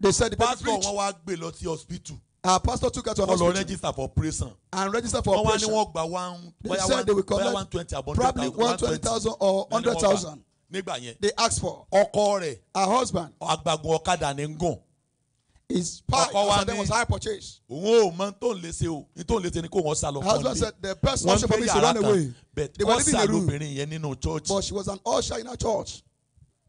they said the pastor. pastor wọn wá gbé lọ sí hospital our pastor took her to an hospital. wọ́n register for prison and register for operation. wọ́n wá ní wọ́n gba one. they said they will collect one twenty abundant probably one twenty thousand or hundred thousand. nígbà yẹn. they asked for. ọkọ rẹ̀. her husband. àgbàgùn ọ̀kadà ní gùn. his part as there was high purchase. òun ò mọ tó ń lése o tó ń lése ni kó wọn sá lọ. her husband said the best option for me is to run away. but wọ́n sá lóbìnrin yẹn nínú church. but she was an usher in her church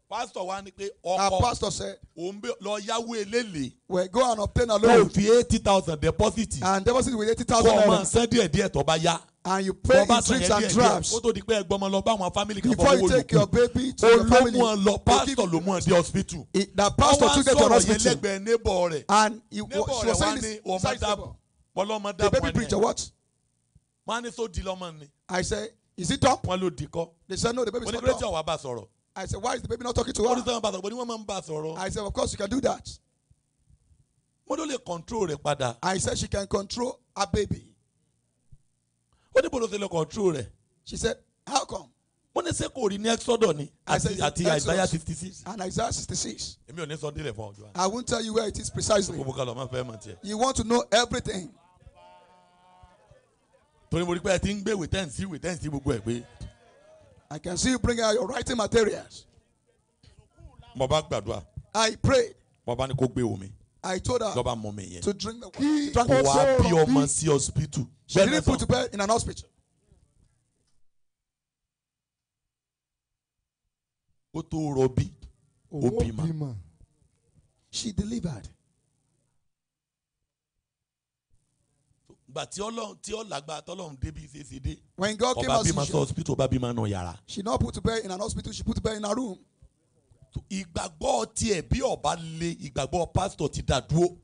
pastor wa ni pé ọkọ our pastor said òun bẹ lọ yáwó eléle. we go and obtain a loan. kò eighty thousand deposit. and deposit with eighty thousand naira. kò máa san díẹ̀ díẹ̀ tó bá yá. and you pay in tricks and traps. kó tó before you take your baby to your family. olómù ọ lọ pastor ló mú ọ dé hospital. na pastor tún dé to hospital. and he was she was saying this side neighbor. the baby preacher what. wọ́n á ní so di lọ́mọ ni. I say is it top. wọ́n ló di kọ́. they say no the baby is not top. onígbèrè jọ wà bá sọ̀rọ̀. I said, why is the baby not talking to her? Ó ní sábà bá sọ̀rọ̀, I said, of course you can do that. What ló lè control rẹ̀ padà. I said she can control her baby. What do you ṣe control rẹ̀. She said, how come? Wọ́n ní ṣé kò rí ní Exodus ni àti àti Isaiah sixty six. And Isaiah sixty six. Èmi ò ní sọ délẹ̀ fún ọjọ́. I won't tell you where it is precisely. Gbogbo kalọ̀ máa fẹ́ mọ̀ tiẹ̀. You want to know everything. Torí mo rí pé ẹ ti ń gbé wìtẹ́ǹsì wìtẹ́ǹsì gbogbo ẹ̀ pé. I can see you bringing out your writing materials. I prayed. I told her to drink the water. Drank kò wá bí She didn't put to bed in an hospital. Ó rọbí. Ó bímọ. She delivered. ìgbà tí ọlọ́run tí ọ̀làgbà tọ́lọ́run débi ṣe ṣe dé. when God came out she ọba bímọ sọ hospital ọba bímọ nù yàrá. she no put bed in an hospital she put bed in her room. ìgbàgbọ́ tiẹ̀ bí ọba le ìgbàgbọ́ pásítọ̀ ti dà dúró.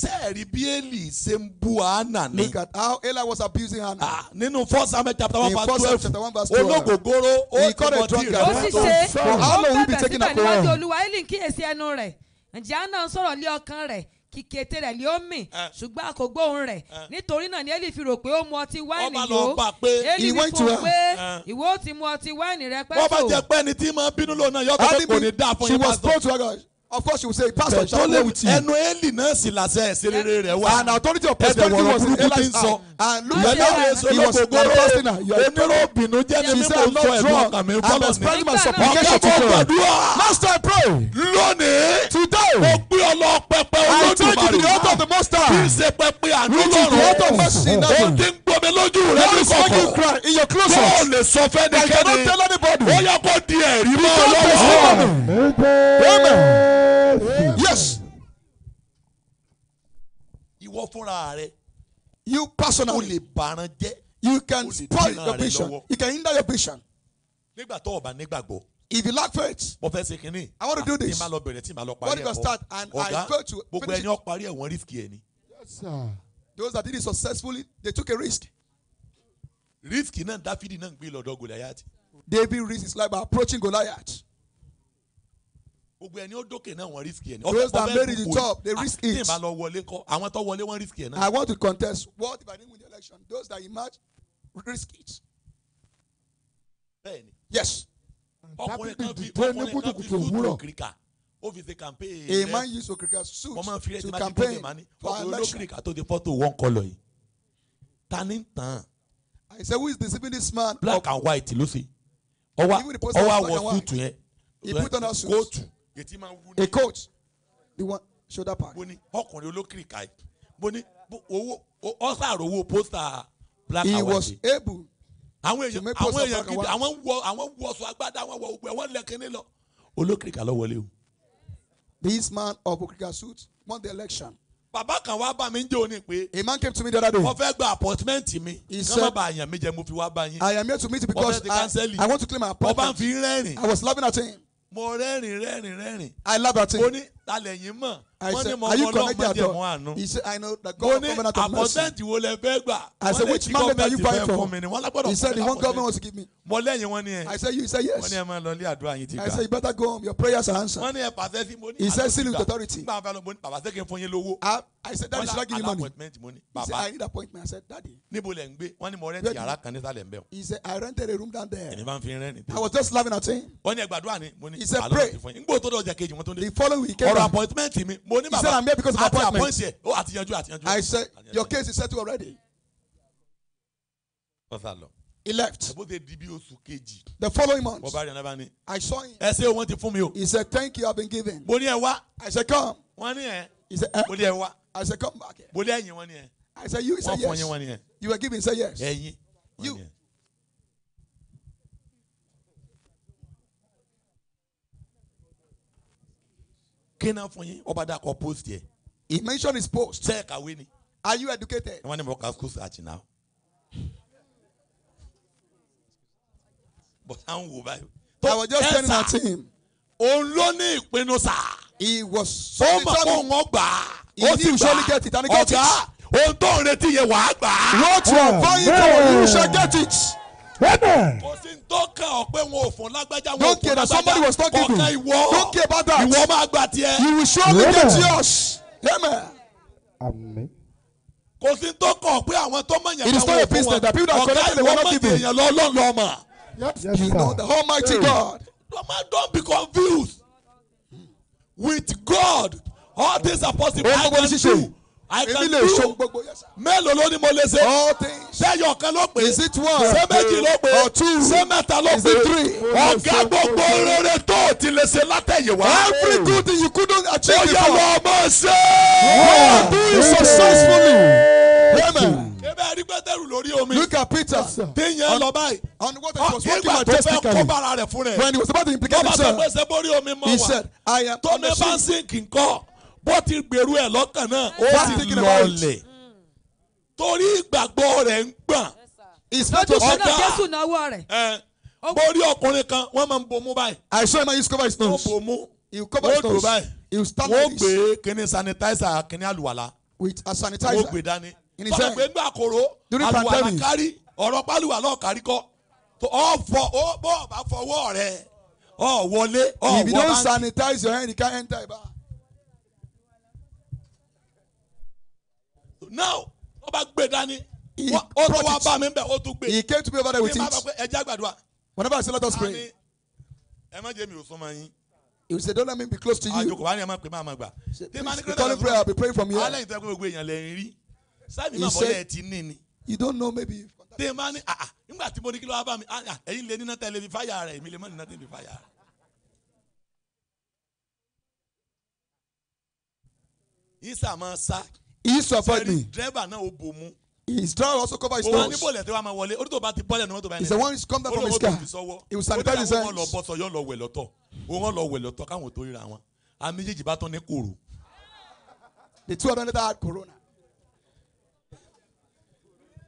sẹ́ẹ̀rí bí ṣe ń bú àánà ni. look at how Eli was abusing Ah, nínú first Samuel chapter one verse twelve ológògóró ó ti mọ̀ tí rẹ̀. ó sì ṣe ó bẹ̀rẹ̀ síta níwájú olúwa Élì kíyèsí ẹnu rẹ̀ ǹjẹ́ àánà sọ̀rọ̀ lé ọkàn rẹ̀ kìkì ètè rẹ̀ lé ó mì ah. ṣùgbọ́n àkógbó òun rẹ̀ ah. nítorí náà ni Élì fi rò pé ó mu ọtí wáìnì yó Élì wí fún pé ah. ìwọ ó ti mu ọtí wáìnì rẹ pẹ́ tó. wọ́n bá jẹ pé ẹni tí máa bínú lòun náà yọ of course you will say pastor jawle with you. ẹnu eli náà sì làṣẹ ìṣerere rẹ wá. and authority of pastor wọ̀rọ̀ burúkú ti ń sọ. and look at that he was lọ́gọ́rọ́ onírò bínú jẹ́ ní mímú sọ ẹ̀gbọ́n ọkàn mi fọlọ́ mi. i'm spending my master pray. lónìí. today. mo gbé ọlọ olódùmarè. i take you to the altar of the most kí n ṣe pẹpẹ àdúrà rẹ lójú rẹ ní kọ̀kọ̀ kó o lè sọ fẹ́ ní kẹ́ni ó yẹ kó di ẹ̀rí mọ́ ọ lọ́wọ́. yes ìwọ fúnra rẹ you personally o lè bàrán jẹ́ you can spoil your patient you can hinder your patient. nígbà tó o bá nígbàgbọ́. If you lack faith, mo fẹ́ ṣe kínní. I want to do ah, this. What if I start and I fail to finish it? Gbogbo ẹni ó parí ẹ̀wọ̀n risk yẹn ni. Those that did it successfully, they took a risk risk náà dáfídì náà ń gbé lọ́dọ̀ goliath. David risked his life by approaching Goliath. gbogbo ẹni ó dókè náà wọ́n risk yẹn. those that made it to the top they risk ah, it. àti ìbá lọ wọlé kọ àwọn tó wọlé wọ́n risk yẹn náà. I want to contest what if I didn't win the election those that emerge risk it. bẹ́ẹ̀ni. yes. ọkùnrin kan fi ọkùnrin kan fi fúdù kìrìkà ó fi ṣe campaign. a man use okirika suit to campaign for election. wọ́n máa fi rẹ́ẹ̀dì máa ti fọ́tò ìmọ̀ ni ọkùnrin olókìrìkà tó ti fọ́tò wọn kọlọ̀ yìí. ta ni ń tàn án. I said, who is deceiving this man? Black and white ló ṣe. Ọwọ́ was àwọ̀ to yẹn. He put on a suit. Kóòtù. Ètí máa ń wú ní. A coat. The one shoulder pad. Mo ní ọkùnrin you ká yìí. Mo ní owó ọ̀sàrò owó pósítà black and white. He was able àwọn èèyàn àwọn èèyàn gidi àwọn wọ àwọn wọ sọ agbada àwọn wọ ògbẹ wọn lẹkẹni lọ olókìrìkà lọ wọlé o. this man of okirika suit won the election bàbá kan wá bá mi ń jẹ́ òní pé. a man came to me the other day. wọ́n fẹ́ gba appointment mi. he said kí bá àyàn mi jẹ mo fi wá bá yín. I am here to meet you because I, I want to claim my appointment. ọba ń fi rẹ́rìn. I was loving at him. mo rẹ́rìn rẹ́rìn rẹ́rìn. I love at him. mo ní talẹ̀ yín mọ̀ wọ́n ní mọ̀ ọlọ́run mọ̀jẹ̀ mọ́ àánú. he said I know the God of covenant of mercy. mo ní àpọ̀sẹ̀ntì wo lẹ fẹ́ gbà. I said which mandate are you buying from. he said the one government wants to give me. mo lẹ́yìn wọn ni ẹ. I said you he said yes. wọ́n ní ẹ máa lọ ilé àdúrà yín ti gbà. I said you better go home your prayers are answered. wọ́n ní ẹ pàṣẹ sí mo ní. he said seal with authority. bàbá fẹ́ lọ mo ní bàbá sẹ́kẹ̀ fún yín lówó. I said daddy should I give you money. he said I need appointment. I said daddy. níbo lẹ ń gbé wọ́n ní mo rẹ́ntì yàrá kan nísàlẹ̀ nbẹ̀. he said I rented a room down there. ẹni bá ń fi rẹ́ni. I was just laughing at him. wọ́n ní ẹ gbàdúrà ni. he said pray. the following week ọ̀rọ̀ appointment mi mo ní bàbá said i'm here because of appointment àti appointment ó oh, àti yanjú àti yanjú. i said your case is settled already. ọ̀sà He left. The following month, I saw him. He said, Thank you, I've been given. I said, Come. He said, eh. I said, Come back I said, You he said, Yes. You were given, say yes. You. kéènà fún yín ọba dàkọ post yẹ. he mentioned his post. ṣé ẹ kàwé ni. are you educated. wọ́n ní mo ka school search now. but à ń wò báyìí. I was just telling her to him. òun ló ní ìpinnu sá. he was so determined. ó mọ̀ kó wọ́n gbà he knew surely get it and he got it. ọ̀gá ohun tó ń retí yẹn wàá gbà á. what you are buying for you shall get it. Amen. Don't care that somebody was talking to you. Don't care about that. You will surely get yours. Amen. Amen. Kò sí tó kàn pé àwọn tó mọ̀ yẹn káwọn fún wọn. It is not a business that people that collect the one giving. Ọ̀kan ìwọ you know the Almighty God. No don't be confused. With God, all things are possible. I can do èmi lè so mélòó ló ní mo lè ṣe. all things. ló pè. is it one. ṣé ló pè. or two. ṣé ló pè. is it three. ọ̀gá gbogbo rere tó o ti lè ṣe látẹ̀yìnwá. every good thing you couldn't achieve before. ó yẹ wọ́n mọ̀ ṣe. do it successfully. amen ebe ẹni gbẹdẹrù lórí omi. look at Peter. téèyàn lọ báyìí. on what was working majestically. ìgbà tó fẹ́ when he was about to implicate himself. lọ́ba tó gbèsè borí omi mọ́ wa. he said I am on the sea. tó ní bá ń sìnkì ń bó ti gbèrú ẹ̀ lọ́kàn náà ó ti lọlẹ̀ torí ìgbàgbọ́ rẹ̀ ń gbọ̀n. lójú sọ́nà jésù náwó rẹ̀. borí ọkùnrin kan wọ́n máa ń bomú báyìí. I saw him use cover his nose. wọ́n bomú wọ́n dùn báyìí. wọ́n gbé kíní sanitizer kíní àlùwàlà. with a sanitizer. wọ́n gbé dání. tọ́lá gbé gbà kóró àlùwàlà kárí ọ̀rọ̀ pálùwàlà ọ̀kárí kọ́ ọ̀fọ̀ ọ̀bọ̀ ọ̀bà fọwọ́ rẹ̀ ọ̀wọlé ọ̀wọ́ báńkì. if you don sanitize your hand you can't enter a bar. now ó bá gbé dání ó tó wá he came to me over there with it. whenever I say let us pray. ẹ má jẹ́ mi ò sọ́mọ yín. he said, don't let me be close to you. àjòkò wa ni ẹ máa pè máa ma gbà. the calling prayer I be praying from here. alẹ́ ìtẹ́kùn gbogbo èèyàn lẹ́yìn rí sáàmì máa bọ́lẹ̀ ẹ̀ ní ni. you don't know maybe. tẹ́ ẹ máa ní àà ah, ah, nígbà tí mo ní kí ló wá bá mi ah, ẹ̀yin lè níná tẹ́lẹ̀ fi fáyà rẹ̀ èmi lè má níná tẹ́lẹ̀ fi fáyà rẹ̀. isa máa sá Ìsọfọ́dì. Dẹ́rẹ́bà náà ó bò mú. His driver also cover his nose. Òun ní bọ̀lẹ̀ tí wàá wọlé, orí tó bá ti bọ́lẹ̀ ní wọ́n tó bá yẹn. He said one is come back from his car. He was sanitize his hands. Ó lọ bọ́sọ̀ yóò lọ wẹ̀ lọ́tọ̀. Òun lọ wẹ̀ lọ́tọ̀ káwọn tó ríra wọn. A méjèèjì bá tán ní kòrò. The two of them had corona.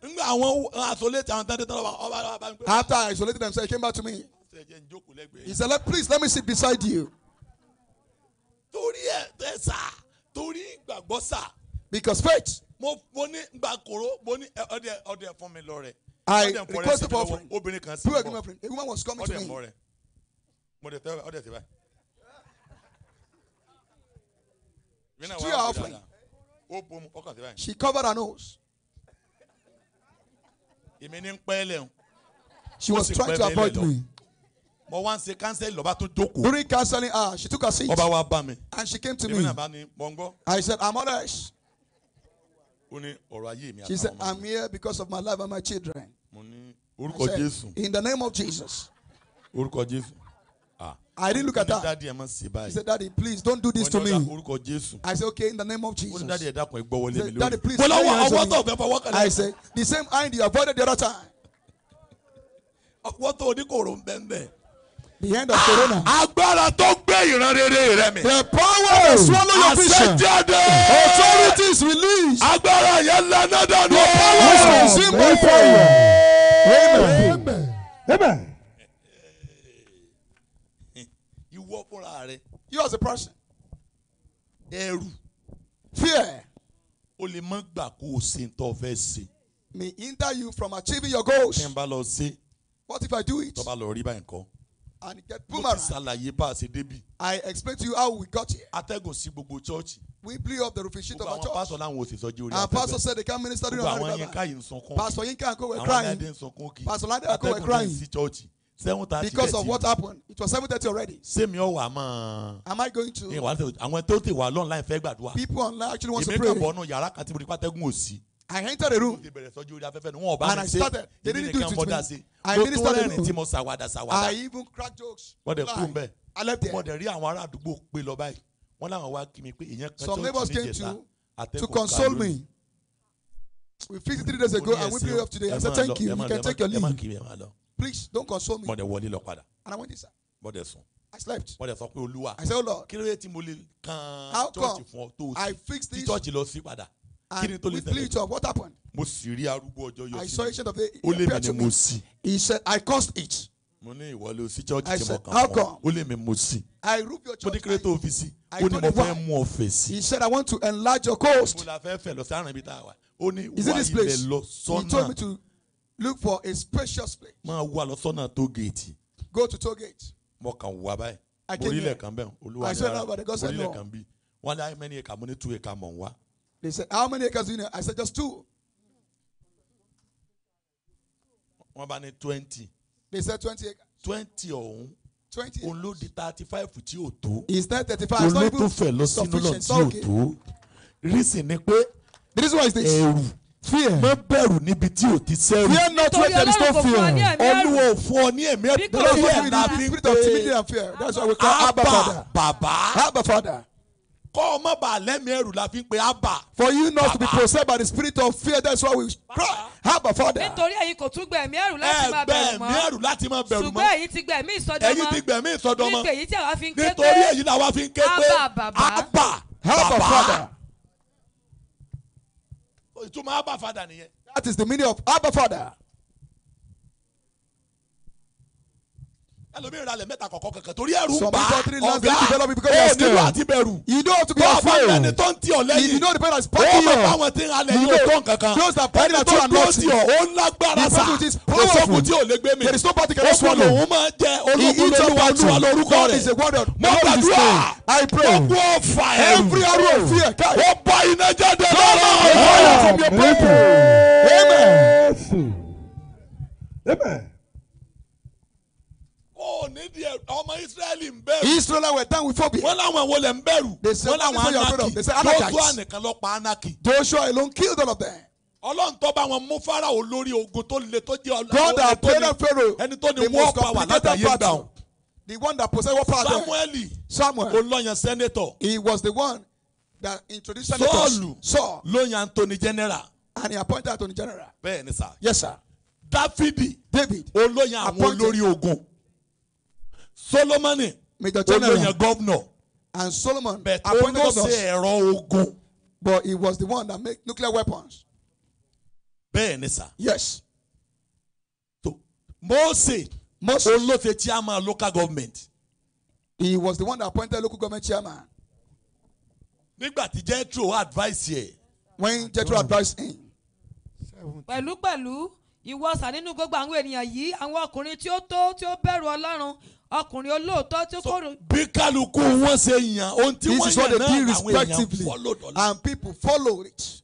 Ngbà àwọn isolate àwọn tán dé tán ọba ọba. After I isolated them, so he came back to me. He said, please let me sit beside you. Torí ẹ̀ tẹ́ sà, torí ìgbàgbọ́ sà. Because faith. Mo mo ní gba koro mo ní ọdẹ ọdẹ fún mi lọ I requested for offering. Obìnrin kan sí bọ̀. People A woman was coming to me. Ọdẹ mọ rẹ. Mo dẹ̀ tẹ́ ọdẹ sí báyìí. She was offering. She covered her nose. She was trying to avoid me. mo wá ń ṣe kánsẹ́lì lọ́ba tó jókòó. during counseling hour ah, she took her seat. ọba wa bá mi. and she came to me. èmi náà bá ní mọ̀ I said I'm honest. She said, I'm here because of my life and my children. Said, in the name of Jesus. Ah. I didn't look at that. He said, Daddy, please don't do this to me. I said, Okay, in the name of Jesus. He said, Daddy, please. I said, The same hand you avoided the other time. the end of corona. agbára tó gbé ìran rere rẹ mi. the power that oh, swallow your vision. àṣẹjáde. authorities release. agbára yẹn lana dànù. the power is oh, consumed by fire. amen. amen. ìwọ fúnra rẹ. you as a person. ẹ̀rù. fear. o lè má gbà kó o ṣe tó fẹ́ ṣe. may hinder you from achieving your goals. kí n bá lọ sí. what if I do it? tó bá lọ rí báyìí kọ́ and get boomerang. I explain to you how we got here. atẹ́gùn sí gbogbo chọ́ọ̀chì. we blew up the roofing of our church. gbogbo àwọn pásọ láwọn òsì sọjí orí our pastor said they can minister during our revival. pastor Yinka àkó were crying. pastor ládé àkó were crying. atẹ́gùn sí chọ́ọ̀chì seven thirty because of what happened it was seven thirty already. sẹ́mi ọ̀wà mọ́. am I going to. àwọn tó ti wà lọ́nà láì fẹ́ gbàdúrà. people online actually want to pray. èmi bọ̀ nù yàrá kan tí mo rí pátẹ́gùn òsì. I entered the room. And I started. They didn't do it with me. I ministered the room. I even cracked jokes. Lie. I left there. Some neighbors came to, to console me. We fixed three days ago and we played off today. I said, Thank you. You can take your leave. Please don't console me. And I went inside. I slept. I said, Oh Lord, how come I fixed this? and we flee to what happened. mo sì rí arúgbó ọjọ́ yọ sí mi. I saw ancient of days. ó lé mi ni mo sì. he said I cost it. mo ní ìwọlé o sí chọ́ọ̀chì tí mo kàn wọ́n ó lé mi mo sì. I rub your church. mo ní kéré tó ó ní mo fẹ́ mú ọ fẹ̀ sí. he said I want to enlarge your coast. mo la fẹ́ fẹ̀ lọ sí àrùn ibi tá a wà. ó ní wà ilẹ̀ lọ sọ́nà. he told me to look for a spacious place. máa wà lọ sọ́nà tó géètì. go to toll gate. mo kàn wá báyìí. I came here. ilẹ̀ kan bẹ́ẹ̀ olúwa ní ara ilẹ̀ kan bí wọ́n lé how many mo ní two acre mọ̀ wá. They said, How many acres do you know? I said, Just two. Wọ́n bá ní twenty. They said twenty acres. Twenty ọ̀hún. Twenty acres. Olo di thirty-five tí ò tó. It's not thirty-five. Olo tó fẹ̀ lọ sínú lọ tí ò tó. Reason ni pé. The reason why is this. Ẹ̀rù. Fear. Má bẹ̀rù níbi tí ò ti sẹ́rù. Fear not when there is no fear. Olúwa ò fún ọ ní ẹ̀mí ẹ̀dọ́. Because we are in the spirit of timidity and fear. That's why we call Abba Father. Baba. Abba Father kọ́ ọmọ bá lẹ́mí ẹ̀rù la fi ń pe abba. for you not to be possessed by the spirit of fear that's why we cry abba father. nítorí ẹ̀yin kò tún gbẹ̀mí ẹ̀rù láti máa bẹ̀rù mọ́ ẹ̀gbẹ̀mí ẹ̀rù láti máa bẹ̀rù mọ́ ṣùgbọ́n èyí ti gbẹ̀mí ìsọdọmọ èyí ti gbẹ̀mí ìsọdọmọ nítorí èyí tí àwa fi ń ké pé nítorí èyí làwa fi ń ké pé abba bàbá abba father. ìtumọ̀ abba father nìyẹn. that is the meaning of abba father. ẹlòmíràn alẹ mẹ́ta kọkọ kankan torí ẹrù ń bá ọgá ó nílò àti bẹ̀rù bọ́ọ̀ bá mẹ́ni tó ń ti ọ lẹ́yìn ó bẹ̀ báwọn tí ń alẹ̀ yìí ó tó nkankan ẹni tó tó ti ọ ó lágbára sa kò sókun tí ò lè gbé mi ó kún lòun máa jẹ olókùnlélúwa tí wà lórúkọ rẹ̀ mo gbàdúrà gbogbo ọfà ẹ̀rù ó bá iná jáde lọ́rọ̀ ọ̀hún. Amen. Amen wọn ò ní di ọmọ israẹli ń bẹ̀rù. israẹli were down with phobia. wọ́n láwọn wo lè ń bẹ̀rù. they say wọ́n láwọn anaki. they say anaki. joshua nìkan ló pa anaki. joshua alone killed all of them. Ọlọ́run tó bá wọn mú Fáráò lórí ogun tó le tó jẹ́ ọlọ́run tó ní ẹni tó ní war power látàyè the one that possess war power. Samuel Samuel olóyan senator. he was the one that introduced senators. Sọ́ọ̀lù lóyan Anthony general. and he appointed Anthony general. bẹ́ẹ̀ ni sá. yes sir. Dáfídì David olóyan àwọn olórí ogun solomoni olóyè gọ́vnọ̀. and solomon appointed us. bẹ̀tẹ̀ ó lọ sí ẹ̀rọ ogun. but he was the one that make nuclear weapons. bẹ́ẹ̀ ni sà. yes. so mose. mose olóòtú chairman local government. he was the one that appointed local government chairman. nígbà tí jethro advice yẹ. when jethro advice him. pẹ̀lúpẹ̀lú ìwọ sà nínú gbogbo àwọn ènìyàn yìí àwọn ọkùnrin tí ó tó tí ó bẹ̀rù ọlọ́run ọkùnrin olóòótọ́ tí kò rò. bí kálukú wọn ṣe yàn ohun tí wọ́n yàn náà àwọn èèyàn followed ọ̀la. and people followed it.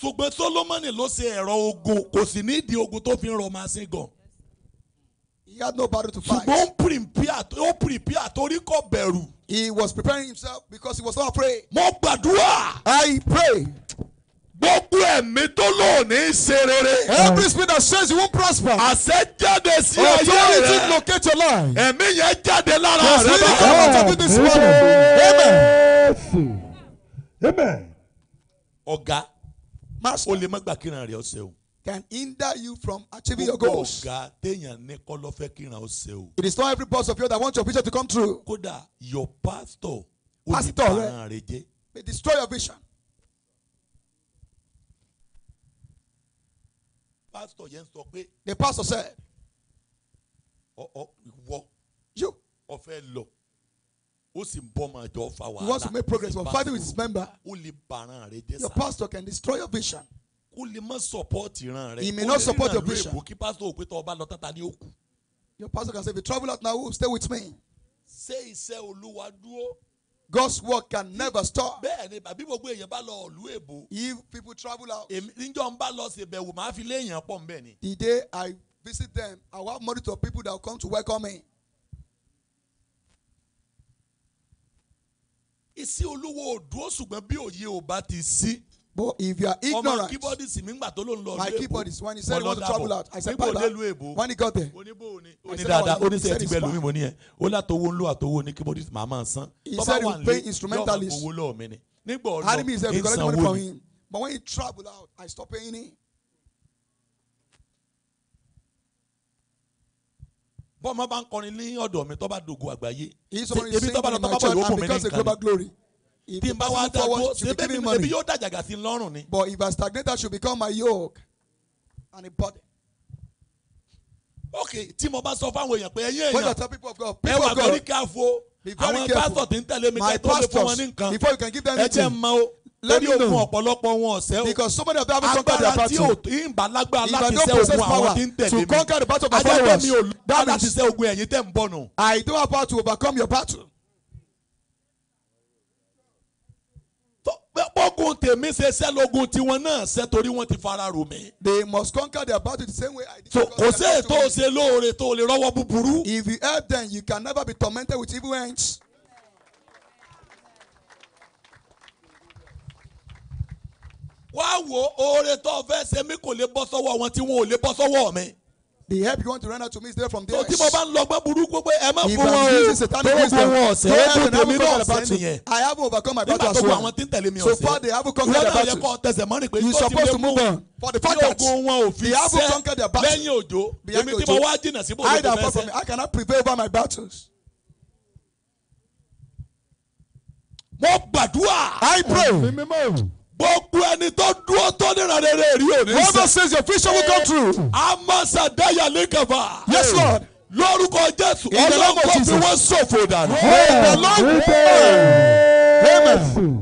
ṣùgbọ́n Solomoni ló ṣe ẹ̀rọ ogun kò sì ní ìdí ogun tó fi ń rọ màá sí gan. he had no battle to fight. ṣùgbọ́n ó prepare ó prepare torí kò bẹ̀rù. he was preparing himself because he was not afraid. mo gbàdúrà. I pray gbogbo ẹ̀mí tó lò ní ṣe rere. every spirit that says you won't prosper. àṣẹ jáde sí ayé rẹ. authority locate your life. ẹ̀mí yẹn jáde lára rẹ bá. the spirit come out of this morning. amen. amen. ọ̀gá o lè má gbà kíran rẹ̀ ọ̀sẹ̀ o. can hinder you from achieving your goals. ọ̀gá téèyàn ní kọ́ ló fẹ́ kíran ọ̀sẹ̀ o. it is not every boss of yours that wants your vision to come true. kódà your pastor. pastor rẹ may destroy your vision. pastor yẹn sọ pé. the pastor said. ọ ọ ìwọ. you. ọfẹ lọ ó sì ń bọ́ máa jọ fa wàhálà. he wants to make progress but fighting with his member. ó lè bàrán rẹ jẹ your pastor can destroy your vision. kó lè má support ìran rẹ. he may not support your vision. kó lè ràn lóyìnbó kí pastor ò pé tó ọba lọ tata ni ó your pastor can say if you travel out now stay with me. ṣé iṣẹ́ olúwa dúró. God's work can never stop. Bẹ́ẹ̀ bàbí gbogbo èèyàn bá lọ ìlú èbó. If people travel out. Èmi níjọ́ ń bá lọ ṣèbẹ̀wò màá fi lé èèyàn pọ̀ ń bẹ̀ ni. The day I visit them, I will have of people that come to welcome me. Ìsí olúwo ò dúró ṣùgbọ́n bí òye ò bá ti sí. But if you are ignorant, ọmọ keyboard sì mí gbà tó ló ń lọ. my keyboard is when he said he want to travel out I said Paula when he got there. oníbò ni oní dáadáa oníṣẹ́ ti gbẹ̀lú mi mo ní ẹ̀ ó látọwọ́ ń lọ àtọwọ́ ní keyboard màá máa san. he said he will pay instrumentalist. owó lọ́ọ̀ mi ni nígbà ọ̀dọ́ ní sanwó mi. but when he travel out I stop paying him. bọ́ọ̀ ma bá ń kọrin ní ọ̀dọ̀ mi tó bá dogo àgbáyé. he is someone who is singing in my church if tí n bá wá dáwọ́ should be giving ebi yóò dàjàgà sí lọ́rùn ni. but if I stagnate should become my yoke and a burden. ok tí mo bá sọ fáwọn èèyàn pé ẹ̀yin èèyàn when I tell people of God people of God ẹ wà very careful àwọn pásítọ̀ tí ń tẹ̀lé mi kẹ́ tó lè fún wọn ní nǹkan ẹ jẹ́ mọ o lórí òkun ọ̀pọ̀lọpọ̀ wọn ọ̀sẹ́ o because somebody of them haven't agbára tí ò ìbàlágbà láti sẹ́ ogun àwọn tí ń tẹ̀lé mi to conquer the battle of láti sẹ́ ogun ẹ̀yin tẹ̀ ń bọ̀ nù. I don't have power to overcome your battle. bógun tèmi ṣe ṣẹ́ lógun tiwọn náà ṣẹ́ torí wọ́n ti fara rò mí. they must conquer their battle the same way I did. so kò sí ètò ṣe lóore tó lè rọ́wọ́ búburú. if you help them you can never be tormented with evil ends. wá wo oore tó fẹ́ ṣe mí kò lè bọ́ sọ́wọ́ wọn tí wọn ò lè bọ́ sọ́wọ́ mi. The help you want to render to me is there from there. Tí mo bá ń lọ gbọ́ burúkú pé ẹ má fún wọn o. If I'm wọn ọ̀sẹ̀ ó dùn tèmi náà sẹ́ni yẹn. I have overcome my battle as well. Nígbà tó wọ àwọn tí ń tẹ̀lé mi ọ̀sẹ̀. So far they haven't conquered their battle. Wọ́n náà yẹ kọ́ tẹsẹ̀ mọ́rin pé. You supposed to move on. For the fact that they haven't conquered their battle. Lẹ́yìn òjò. Èmi tí mo wá jìnnà síbò ló ti fẹ́ I cannot prevail over my battles. Mo gbàdúrà. I pray. Gbogbo ẹni tó dúró tó nira rere rí òní. Whoever says your vision will come true. Amasa Daya Likava. Yes Lord. Lórúkọ Jésù. Ọlọ́run kò fi wọ́n ṣòfò dànù. Amen. Amen.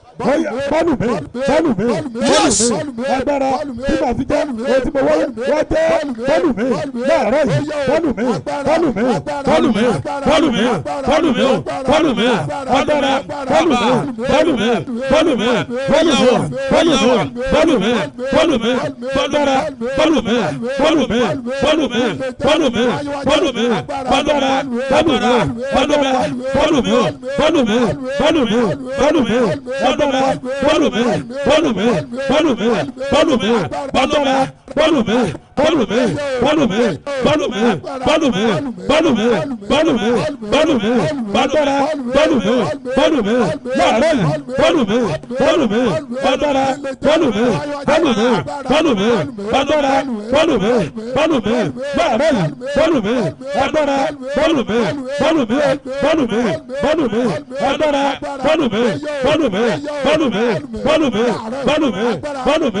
bọ́ọ̀lù mi bọ́ọ̀lù mi bọ́ọ̀lù mi agbára tí màá fi jẹ́ etí mo wọ́n wọ́n jẹ́ bọ́ọ̀lù mi láàárọ̀ yìí bọ́ọ̀lù mi bọ́ọ̀lù mi bọ́ọ̀lù mi bọ́ọ̀lù mi bọ́ọ̀lù mi bọ́ọ̀lù mi agbára bọ́ọ̀lù mi bọ́ọ̀lù mi bọ́ọ̀lù mi bọ́ọ̀lù mi bọ́ọ̀lù mi bọ́ọ̀lù mi bọ́ọ̀lù mi agbára bọ́ọ̀lù mi bọ́ọ̀lù mi bọ́ọ̀lù mi bọ́ọ̀lù mi bọ́ọ̀lù mi agbára bọ́ọ̀lù mi bọ́ọ̀lù mi bọ́ọ̀lù mi bọ́ọ̀lù mi bọ́ọ̀lù mi bọ́ọ̀lù mi agbára mẹ́ bọ́ọ̀lù mẹ́ bọ́ọ̀lù mẹ́ bọ́ọ̀lù mẹ́ bọ́ọ̀lù mẹ́ bọ́ọ̀lù mẹ́ bọ́ọ̀lù mẹ́ bọ́ọ̀lù mi bọ́ọ̀lù mi bọ́ọ̀lù mi bọ́ọ̀lù mi bọ́ọ̀lù mi bọ́ọ̀lù mi bọ́ọ̀lù mi bàtàrà bọ́ọ̀lù mi bọ́ọ̀lù mi láàárọ̀ yìí bọ́ọ̀lù mi bọ́ọ̀lù mi bàtàrà bọ́ọ̀lù mi bọ́ọ̀lù mi bọ́ọ̀lù mi bàtàrà bọ́ọ̀lù mi bọ́ọ̀lù mi láàárọ̀ yìí bọ́ọ̀lù mi agbára bọ́ọ̀lù mi bọ́ọ̀lù mi bọ́ọ̀lù mi bọ́ọ̀lù mi agbára bọ́ọ̀lù mi bọ́ọ̀lù mi bọ́ọ̀lù mi bọ́ọ̀lù mi bọ́ọ̀lù mi bọ́ọ̀lù mi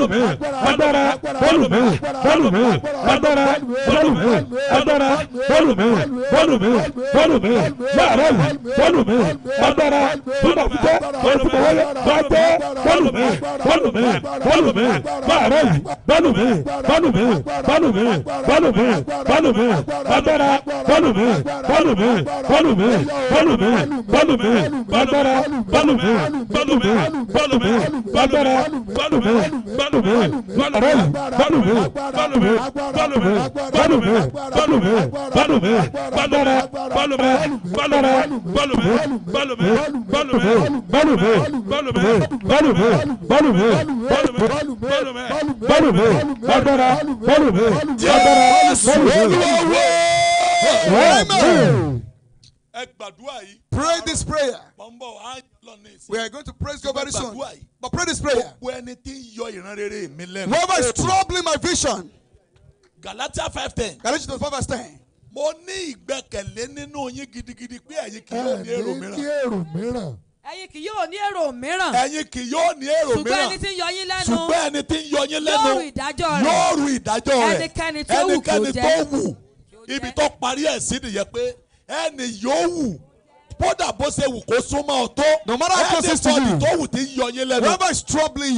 bọ́ọ̀lù mi agbára bọ́ọ̀lù mi bọ́ọ̀lù mẹ́rin agbára bọ́ọ̀lù mẹ́rin agbára bọ́ọ̀lù mẹ́rin bọ́ọ̀lù mẹ́rin bọ́ọ̀lù mẹ́rin láàárọ̀ yìí bọ́ọ̀lù mẹ́rin agbára bọ́ọ̀lù fúnpọ̀ bọ́ọ̀lù fúnpọ̀ wọlé gbàgbọ́ bọ́ọ̀lù mẹ́rin bọ́ọ̀lù mẹ́rin bọ́ọ̀lù mẹ́rin láàárọ̀ yìí bọ́ọ̀lù mẹ́rin bọ́ọ̀lù mẹ́rin bọ́ọ̀lù mẹ́rin bọ́ọ̀lù mẹ́rin bọ́ọ̀lù mẹ́rin agbára bọ́ọ̀lù mẹ́rin bọ́ọ̀lù mẹ́rin bọ́ọ̀lù mẹ́rin bọ́ọ̀lù mẹ́rin bọ́ọ̀lù mẹ́rin agbára bọ́ọ̀lù mẹ́rin bọ́ọ̀lù mẹ́rin bọ́ọ̀lù mẹ́rin agbára bọ́ọ̀lù mẹ́rin bọ́ọ̀lù mẹ́rin láàárọ̀ yìí bọ́ọ̀lù mẹ́rin balùmẹ̀ balùmẹ̀ balùmẹ̀ balùmẹ̀ balùmẹ̀ balùmẹ̀ balùmẹ̀ balùmẹ̀ balùmẹ̀ balùmẹ̀ balùmẹ̀ balùmẹ̀ balùmẹ̀ balùmẹ̀ balùmẹ̀ balùmẹ̀ balùmẹ̀ agbára balùmẹ̀ agbára balùmẹ̀. ẹ gbàdúrà yìí. Pray this prayer. We are going to praise God very soon. But pray this prayer. Whoever is troubling my vision. Galatia 5:10. Galatians 5:10. Mo ní ìgbẹ́kẹ̀lé nínú yín gidigidi pé ẹ̀yin kì yóò ní èrò mìíràn. Ẹ̀yin kì èrò mìíràn. Ẹ̀yin kì yóò ní èrò mìíràn. Ẹ̀yin kì yóò ní èrò mìíràn. Ṣùgbọ́n ẹni tí ń yọ yín lẹ́nu. Ṣùgbọ́n ẹni tí ń yọ yín lẹ́nu. Yóò rù ìdájọ́ rẹ̀. Yóò rù ìdájọ́ rẹ̀. Ẹnikẹ́ni tó wù kò jẹ́. Ẹnikẹ́ni tó wù. Ibi tó parí ẹ̀ sí nìyẹn pé ẹni yóò wù bódà bó ṣe wù kó súnmọ́ ọ tó. no matter how close to you. ẹni tó wù ti yọ yín lẹ́nu. whoever is troubling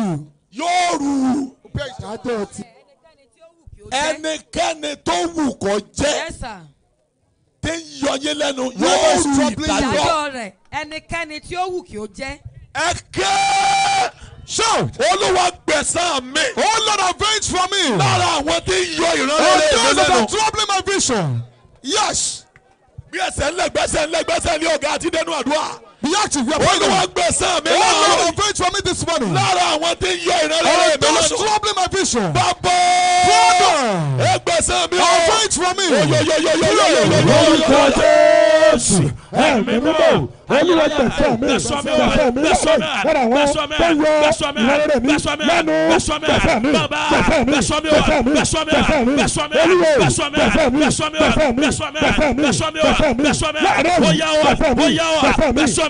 you. yóò rù. ẹnikẹ́ni tó wù kó jẹ́. yes sir tí ń yọ yín lẹ́nu yóò rú ìdájọ́ rẹ̀ ẹnikẹ́ni tí ó wù kí ó jẹ́. ẹ ké ṣáò olúwa gbẹ̀san mi. o lord avenge for me. lára àwọn tí yọ ìrànlọ́wọ́ rẹ̀ lẹ́nu. ọjọ́ ìṣẹ̀lẹ̀ troubling my vision. yes bí ẹsẹ̀ ńlẹ̀ gbẹ́sẹ̀ ńlẹ̀ gbẹ́sẹ̀ ní ọ̀gá àti dẹnu àdúrà. bí yóò ti wí ọ̀pọ̀ ìlú. olùwà gbèsè mi náà. one million going to me this morning. lára àwọn tí ń yọ ìrẹ́lẹ̀ rẹ̀ mi lónìí. those troubling my vision. bàbá ẹ gbèsè mi o. avoid from me. orúkọ jésù ẹ̀mí mímọ́ olúwa gbèsè mi gbèsè mi lára àwọn tó ń yọ ìrẹ́lẹ̀ mi lẹ́nu gbèsè mi gbèsè mi gbèsè mi gbèsè mi olúwa gbèsè mi gbèsè mi gbèsè mi gbèsè mi lára àwọn gbèsè mi gbèsè mi.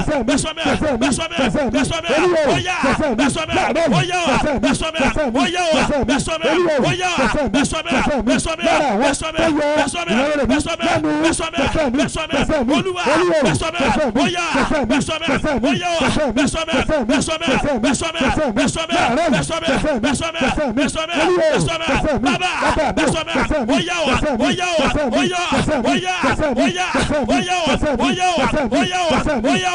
bẹ́sọ̀mẹ́ bẹ́sọ̀mẹ́ bẹ́sọ̀mẹ́ oyà bẹ́sọ̀mẹ́ oyà bẹ́sọ̀mẹ́ oyà bẹ́sọ̀mẹ́ oyà bẹ́sọ̀mẹ́ bẹ́sọ̀mẹ́ bẹ́sọ̀mẹ́ bẹ́sọ̀mẹ́ bẹ́sọ̀mẹ́ bẹ́sọ̀mẹ́ bẹ́sọ̀mẹ́ olúwa bẹ́sọ̀mẹ́ oyà bẹ́sọ̀mẹ́ oyà bẹ́sọ̀mẹ́ bẹ́sọ̀mẹ́ bẹ́sọ̀mẹ́ bẹ́sọ̀mẹ́ bẹ́sọ̀mẹ́ bẹ́sọ̀mẹ́ bẹ́sọ̀mẹ́ bẹ́sọ̀mẹ́ baba bẹ́sọ̀mẹ́ oyà oyà oyà oyà oyà oyà oyà oyà oyà oyà.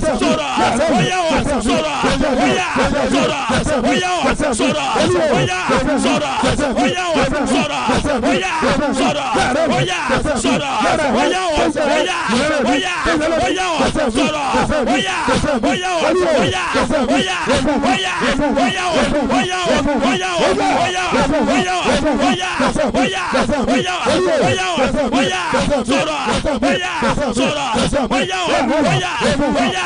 sọ̀rọ̀ bóyá wà sọ̀rọ̀ bóyá sọ̀rọ̀ bóyá wà sọ̀rọ̀ bóyá sọ̀rọ̀ bóyá wà sọ̀rọ̀ bóyá sọ̀rọ̀ bóyá sọ̀rọ̀ bóyá wà bóyá bóyá bóyá wà sọ̀rọ̀ bóyá bóyá wà bóyá bóyá bóyá bóyá wà bóyá wà bóyá wà bóyá wà bóyá wà bóyá bóyá bóyá bóyá wà bóyá sọ̀rọ̀ bóyá sọ̀rọ̀ bóyá wà bóyá bóyá.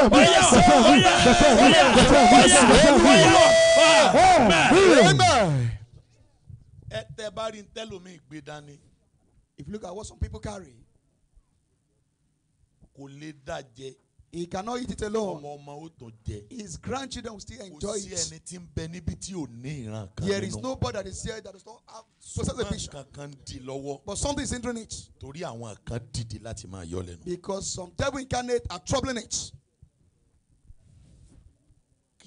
fẹ́ mi the fẹ́ mi the fẹ́ mi the fẹ́ mi the fẹ́ mi. amen. ẹ tẹ bá rí ntẹ́lómi gbé dání if you look at what some people carry kò lè dá jẹ. He cannot eat it alone. Ọmọ ọmọ ó tó jẹ. His grandchildren will still enjoy it. Kò sí ẹni tí ń bẹ níbi tí ò ní ìran kan nínú. There is nobody that is here that does not have possess the vision. Ṣùgbọ́n kankan di lọ́wọ́. But something is hindering it. Torí àwọn kan dìde láti máa yọ lẹ́nu. Because some devil incarnate are troubling it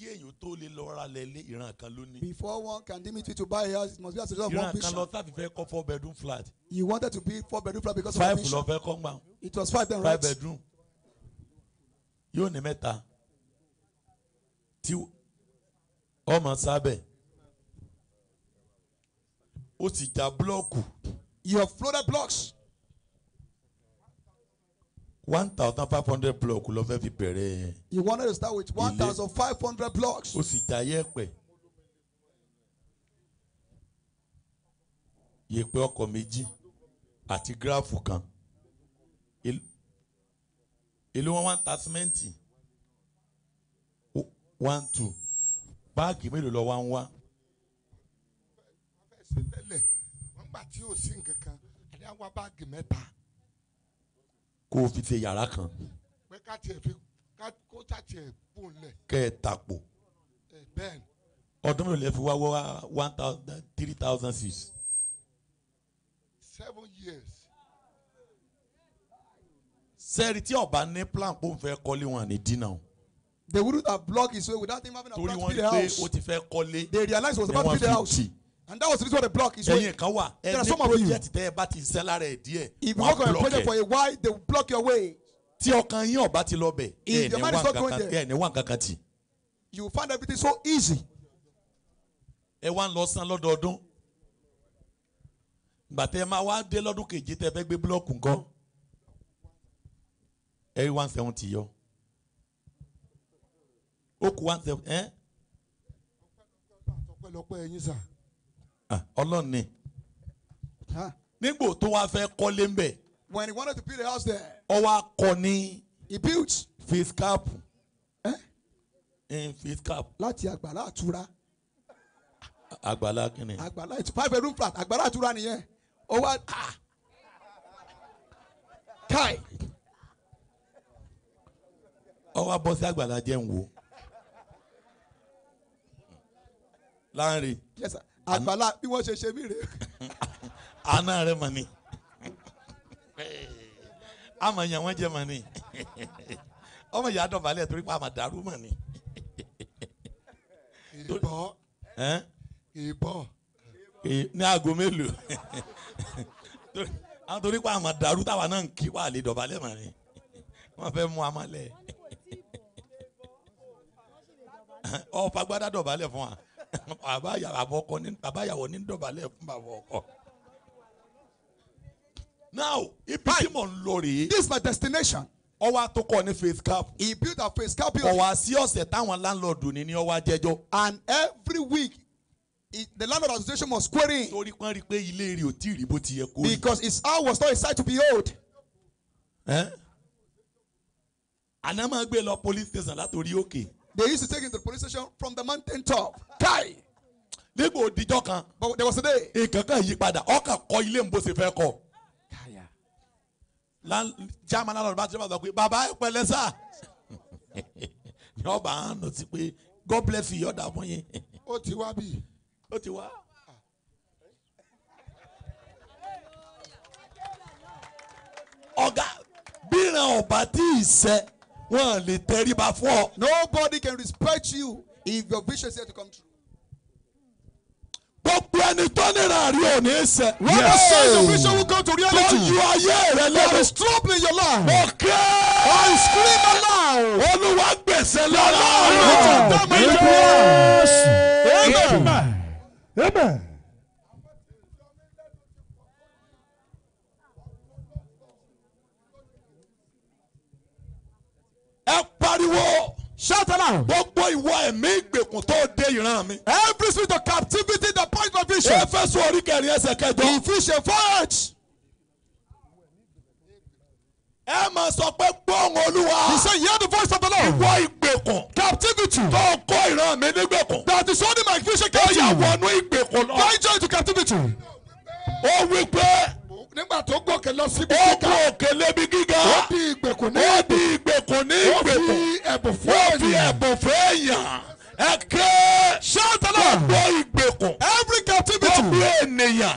kí èyàn tó lè lọ ra lẹ́lé ìran kan ló before one can limit you to buy a house it must be as a result of one vision. ìran kan lọ tàbí fẹ́ kọ́ four bedroom flat. you wanted to be four bedroom flat because five of a vision. five lọ fẹ́ kọ́ gbà. it was five then right. five bedroom. yóò ní mẹ́ta tí ọmọ sábẹ̀ ó sì já búlọ́ọ̀kù. you have flooded blocks one thousand five hundred block ló fẹ́ fi bẹ̀rẹ̀. you wanted to start with one thousand five hundred blocks. ó sì já yẹ̀pẹ̀. yẹ̀pẹ̀ ọkọ̀ méjì àti gíráfù kan èlò wọn wá ń ta símẹ́ǹtì one two báàgì mélòó lọ wá ń wá. wọ́n fẹ́ ṣe tẹ́lẹ̀ wọ́n gbà tí ò sí nǹkan kan àdéhùn wá báàgì mẹ́ta kó o fi ṣe yàrá kan. pé ká tiẹ̀ fi kó tá tiẹ̀ bùn lẹ̀. kẹ́ ẹ tàpò. bẹ́ẹ̀ni. ọdún mélòó lẹ fi wá wá one thousand three thousand six. seven years. sẹ́ẹ̀rì tí ọba ní plan pò ń fẹ́ kọ́lé wọn ní dínà o. they wouldn't have blocked his way without him having a plan to build a house. torí wọ́n ní pé o ti fẹ́ kọ́lé. they realized he was about to build a house and that was the reason why they block is way. ẹyin kan wà ẹni project tẹ ẹ bá ti ṣiṣẹ́ lára ẹ if you work on a project for a while they will block your way. tí ọkàn yín ọba ti lọ bẹ̀ ẹ ní wà kankan tì. you find everything so easy. ẹ wá ń lọ san lọ́dọọdún gbàtẹ́ máa wá dé lọ́dún keje tẹ́ fẹ́ gbé búlọ́ọ̀kù nǹkan ẹ rí one seventy yọ ó kú one seventy. ọpẹ́lọpẹ́ ẹ̀yin sà. Ah, ọlọ́run ni nígbò tó wá fẹ́ kọ́lé ńbẹ̀. when he wanted to build a house there. ó wá kọ́ he built. face cap. Eh? in face cap. láti àgbàlá àtura. àgbàlá kìíní. àgbàlá It's five bedroom flat àgbàlá àtura nìyẹn ó wá. Ah. kai. ó wá bọ́ sí àgbàlá jẹ́ ń wo. láàrin. yes sir àgbàlá bí wọ́n ṣe ṣe mí rè. àná rẹ mọ̀ ni àmọ̀ yẹn wọ́n jẹ́ mọ̀ ni ọmọ ìyá dọ̀bálẹ̀ torí pa àmọ̀ dàrú mọ̀ ni. ìbọ̀ ìbọ̀ ní aago mélòó àwọn torí pa àmọ̀ dàrú táwa náà ń kí wà lè dọ̀bálẹ̀ mọ̀ ni wọ́n fẹ́ mú amálẹ̀ ọ̀ fagbádá dọ̀bálẹ̀ fún wa. bàbá ìyàwó ní dọ̀bálẹ̀ fún bàbá ọkọ. now ibi tí mò ń lọ rèé. this is my destination. ọwọ́ àtọkọ ní faith cap. he built a faith cap building. ọwọ́ àti ọ̀sẹ̀ táwọn landlord ní ní ọwọ́ àjẹjọ́. and every week It, the landlord association must query. torí pọ́n rí pé ilé rẹ̀ ò tí rí bó ti yẹ kó because his house was not a sight to behold. àná máa gbé lọ police station látòrí òkè. Okay. They used to take him to the police station from the mountain top. Kai. Nígbà òdìjọ́ kan. But there was a day. Ìkankan yí padà, ọkàn kọ́ ilé ń bó ṣe fẹ́ kọ́. Kaya. German landlord bá ti sọ pé bàbá ẹ pẹ̀lẹ́ sá. Ní ọba àánú ti pé God bless you yọ̀dà fún yín. Ó ti wá bí. Ó ti wá. Ọ̀gá bíran ọ̀bá tí ì sẹ́. Wọ́n lè tẹríba fún ọ. Nobody can respect you if your vision is yet to come true. Gbogbo ẹni tó nira rí ò ní ṣe. Rather say your vision will come to reality. Tó yọ ayé rẹ lọ. There is trouble in your life. Mo I scream aloud. Olúwa gbèsè lọ́la. Olúwa gbèsè lọ́la. Amen. Amen. Amen. pariwo. Shout aloud. Gbogbo ìwọ ẹ̀mí ìgbèkùn tó dé ìran mi. Every spirit of captivity the point of vision. Éfésù orí kẹrin ẹsẹ̀ kẹjọ. Ephesians five. Ẹ máa sọ pé gbóhùn Olúwa. He said, hear the voice of the Lord. Ìwọ ìgbèkùn. Captivity. Tó kó ìran mi nígbèkùn. That is only my vision. Ó yà wọnú ìgbèkùn lọ. Don't join to captivity. Ó wí pé nígbà tó gòkè lọ síbi gíga ó gòkè lébi gíga ó di ìgbèkùn ní ìgbèkùn ó di ìgbèkùn ní ìgbèkùn ó fi ẹ̀bùn fún èèyàn ó fi ẹ̀bùn fún gbọ́ ìgbèkùn every captivity ó fi ènìyàn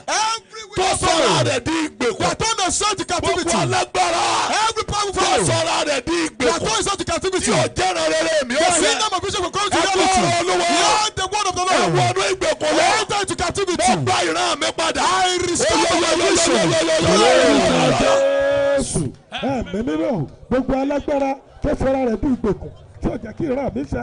tó sọ̀rọ̀ rẹ̀ di ìgbèkùn. wà á tọ́ náà sọ́ọ̀tì captivity. gbogbo alágbára. every power for us. tó sọ̀rọ̀ rẹ̀ di ìgbèkùn. wà á tọ́ náà sọ́ọ̀tì captivity. yóò jẹ́ rere mi. the freedom of vision will come to reality. ẹ̀kọ́ olówó. learn the word of the Lord. ẹ̀wọ̀n ọdún ìgbèkùn lọ. enter into captivity. mo gba ìran mi padà. I restore my vision. Jésù. ẹ̀mí mímọ́ gbogbo alágbára tó sọ̀rọ̀ rẹ̀ di ìgbèkùn tí ò jẹ́ kí ìran mi ṣe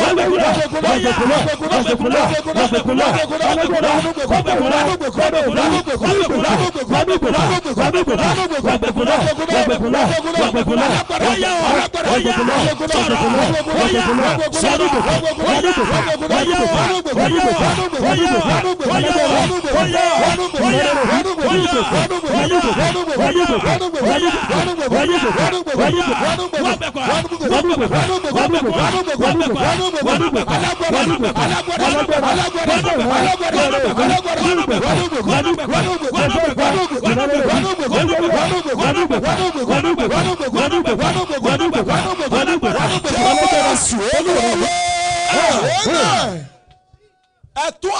Wọ́n bẹ̀ kọ́ ẹ̀tún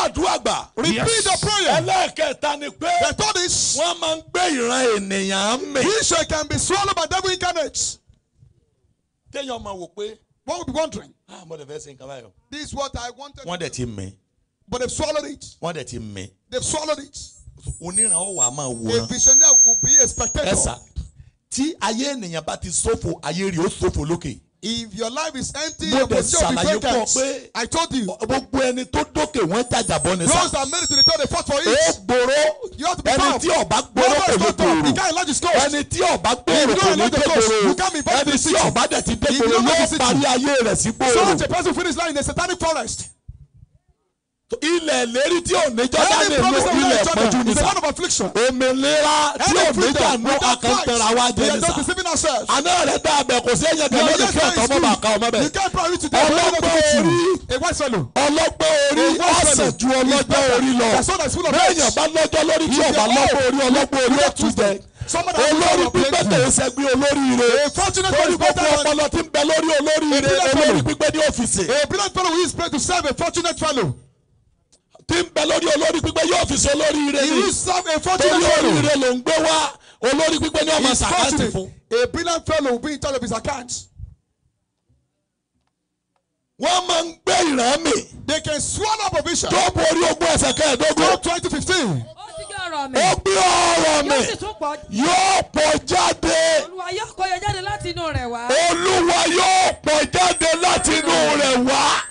àdúrà gbà. repeat the prayer. ẹlẹ́ẹ̀kẹta ni pé. the third is. wọ́n máa ń gbé ìran ènìyàn mì. vision can be swallowed by devil incarnate. téèyàn máa wò pé. one will be wondering mo dẹ̀ fẹ́ ṣe nǹkan báyọ̀. this is what I wanted. wọ́n dẹ̀ ti mí. but they swallowed it. wọ́n dẹ̀ ti mí. they swallowed it. oníranwọ́ wa máa wò. a visionary will be a spectator. ẹ sà tí ayé ènìyàn bá ti ṣòfò ayé rí ó ṣòfò lókè if your life is empty your position be vacant I told you. gbogbo ẹni tó dókè wọn jàjàbọ ni sa. those are made it to the top they fought for it. ó gbòòrò ẹni tí ọba gbòòrò kò ní gbòòrò ẹni tí ọba gbòòrò kò ní gbòòrò ẹni tí ọba dẹ̀ ti dé gbòòrò yóò parí ayé rẹ̀ sí gbòòrò. so a person finish line in a satanic forest ilẹ̀ ìlérí tí ò ní jọ́dá lè lo ilẹ̀ pọ́njú ní sá òmìnira tí ò ní jà ní akantara wa jẹ ní sá àná rẹ̀ dá abẹ kò sí ẹ̀yẹ tẹ̀lé ní fẹ́ ọ̀tọ̀ ọmọ bàkà ọmọ bẹ̀ ọlọ́gbọ́ orí ọlọ́gbọ́ orí ọ̀sẹ̀ ju ọlọ́jọ́ orí lọ bẹ́ẹ̀ni ọba lọ́jọ́ lórí tí ọba lọ́gbọ́ orí ọlọ́gbọ́ orí ọ̀tún jẹ olórí pípẹ́ tẹ̀ ẹ́ sẹ́gbin olórí ire lórí gbogbo ọpọlọ tí ń bẹ lórí olórí ire olórí pípẹ́ ní ọ́fíìsì. a brilliant fellow who is praying to serve a fortunate fellow tí ń bẹ lórí olórí pípé yóò fi so lórí rẹ ni torí orí rẹ ló ń gbé wá olórí pípé ní ọmọ sàkáàtì fún. a brilliant fellow will be in charge of his account. wọ́n máa ń gbé ìran they can swallow provision. tó borí ogún ẹsẹ̀ kẹ́ẹ̀dógún. two twenty fifteen. ó gbé ọ̀rọ̀ mi. yóò pọ̀ jáde. olúwa yóò pọ̀ jáde láti inú rẹ̀ wá. olúwa yóò pọ̀ jáde láti inú rẹ̀ wá.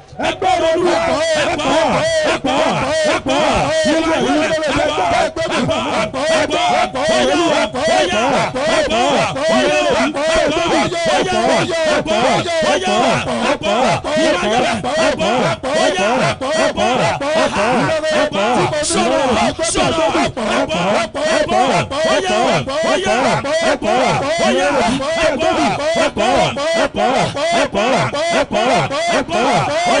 é pau, no pau, é pau, é pau, é pau. Se na rua ele levanta, é pau, é pau, é pau, é pau, é pau, é pau, é pau, é pau. Se ele levanta, é pau, é pau, é pau, é pau, é pau. Se ele levanta, é pau, é pau, é pau, é pau, é pau. Chorou, chorou, é pau, é pau, é pau, é pau, é pau, é pau, é pau, é pau, é pau, é pau, é pau, é pau, é pau, é pau, é pau, é pau.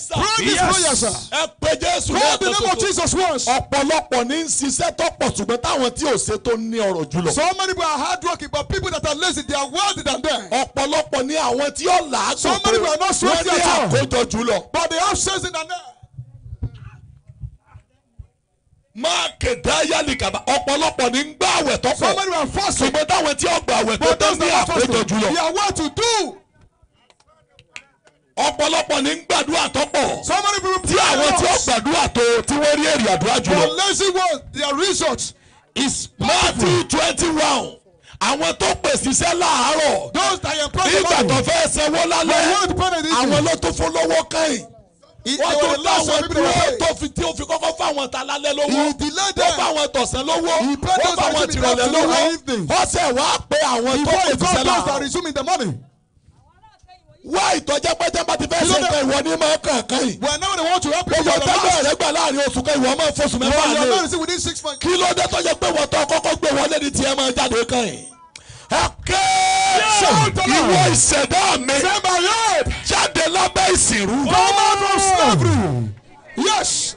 sir. pray this prayer sir. ẹ pe Jésù lẹ́ẹ̀kan ṣoṣo. pray the name of Jesus once. ọ̀pọ̀lọpọ̀ ní ń ṣiṣẹ́ tó ṣùgbọ́n táwọn tí ò ṣe tó ní ọrọ̀ jùlọ. so many people are hard working but people that are lazy they are wealthy than them. ọ̀pọ̀lọpọ̀ ní àwọn tí ó làágùn. so many people are not sweaty at all. wọ́n ní àkójọ jùlọ. but they have sense in their name máa kéde ayálikaba ọ̀pọ̀lọpọ̀ ní ń gbà àwẹ̀ tọ́pọ̀ ṣùgbọ́n táwọn tí ó gbà àwẹ̀ tó tó ní àpéjọ jùlọ ọ̀pọ̀lọpọ̀ ní gbàdúrà tó so many people pray. tí àwọn tí ó gbàdúrà tó tí wọ́n rí èrè àdúrà jùlọ. but let's see what their result is. Matthew twenty one àwọn tó pè síṣẹ́ láàárọ̀ nígbà tó fẹ́ sanwó lálẹ́ àwọn ló tó fún lọ́wọ́ kẹ́yìn wọ́n tó láwọn dúró tó fi tí o fi kọ́kọ́ fáwọn ta lálẹ́ lọ́wọ́ wọ́n fáwọn tọ̀sán lọ́wọ́ wọ́n fáwọn tìrọ̀lẹ́ lọ́wọ́ ọ̀sẹ̀ wàá pé àwọn tó pè síṣẹ́ láàárọ̀ wá ìtọ́jẹ́ pẹ́tẹ́ bá ti fẹ́ ṣe nǹkan ìwọ ní máa kàn kàn yìí. wà náà ni wọ́n tún help you. owó tẹ́lẹ̀ rẹ gbà láàrin oṣù kan ìwọ máa fọṣù mẹ́fà ni. kí ló dé tọ́jẹ́ pé wọ́n tọ́ kọ́kọ́ gbé wọlé ní tiẹ̀ máa jáde kàn yìí. ẹ̀kẹ́ ìwọ ìṣẹ̀dá mi jáde lábẹ́ ìsìnrú. ọmọ ọdún sábà. yes.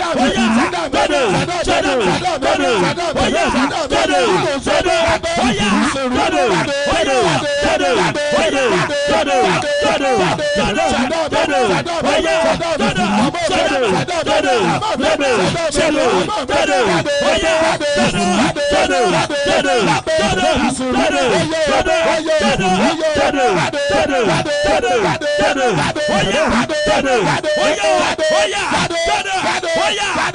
Oya! Oya! Oya! Oya! Amen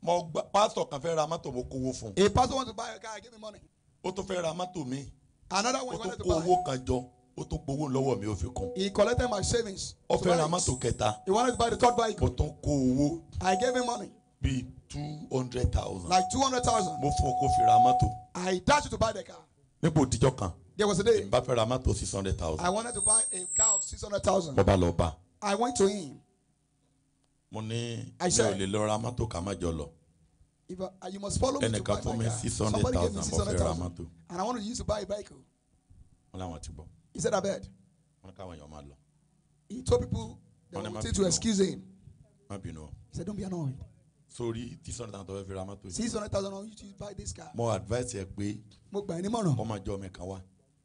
mo gba pastor kan fẹ́ ra mọ́tò mo kówó fún. a pastor want to buy a car give me money. ó tún fẹ́ ra mọ́tò mi. another one he wanted to buy. ó tún kó owó kan jọ ó tún gbowó lọ́wọ́ mi ó fi kún. he collected my savings. ó fẹ́ ra mọ́tò kẹta. he wanted to buy the third bike. ó tún kó owó. I gave him money. bíi two hundred thousand. like two hundred thousand. mo fún ọ kó fi ra mọ́tò. I dash you to buy the car. nípò òtijọ́ kan. there was a day. n fẹ́ ra mọ́tò six hundred thousand. I wanted to buy a car of six hundred thousand. bọ́bá lọ bá. I went to him. mo ní mi ò lè lọ ra mọ́tò ká má jọ lọ. If, uh, you must follow me to buy my car. ẹnìkan fún mi six hundred thousand mo fẹ́ ra mọ́tò. and I wanted to use to buy a vehicle. wọ́n láwọn ti gbọ́. He said, Abed. He told people the whole thing to excuse him. He said, Don't be annoyed. sórí six hundred thousand dollars fi ra mọ́tò yìí. six hundred thousand dollars you buy this car. mo advice yẹ pé. mo gbà ẹ́ nímọ̀ràn. ọmọ àjọ mi kan wá.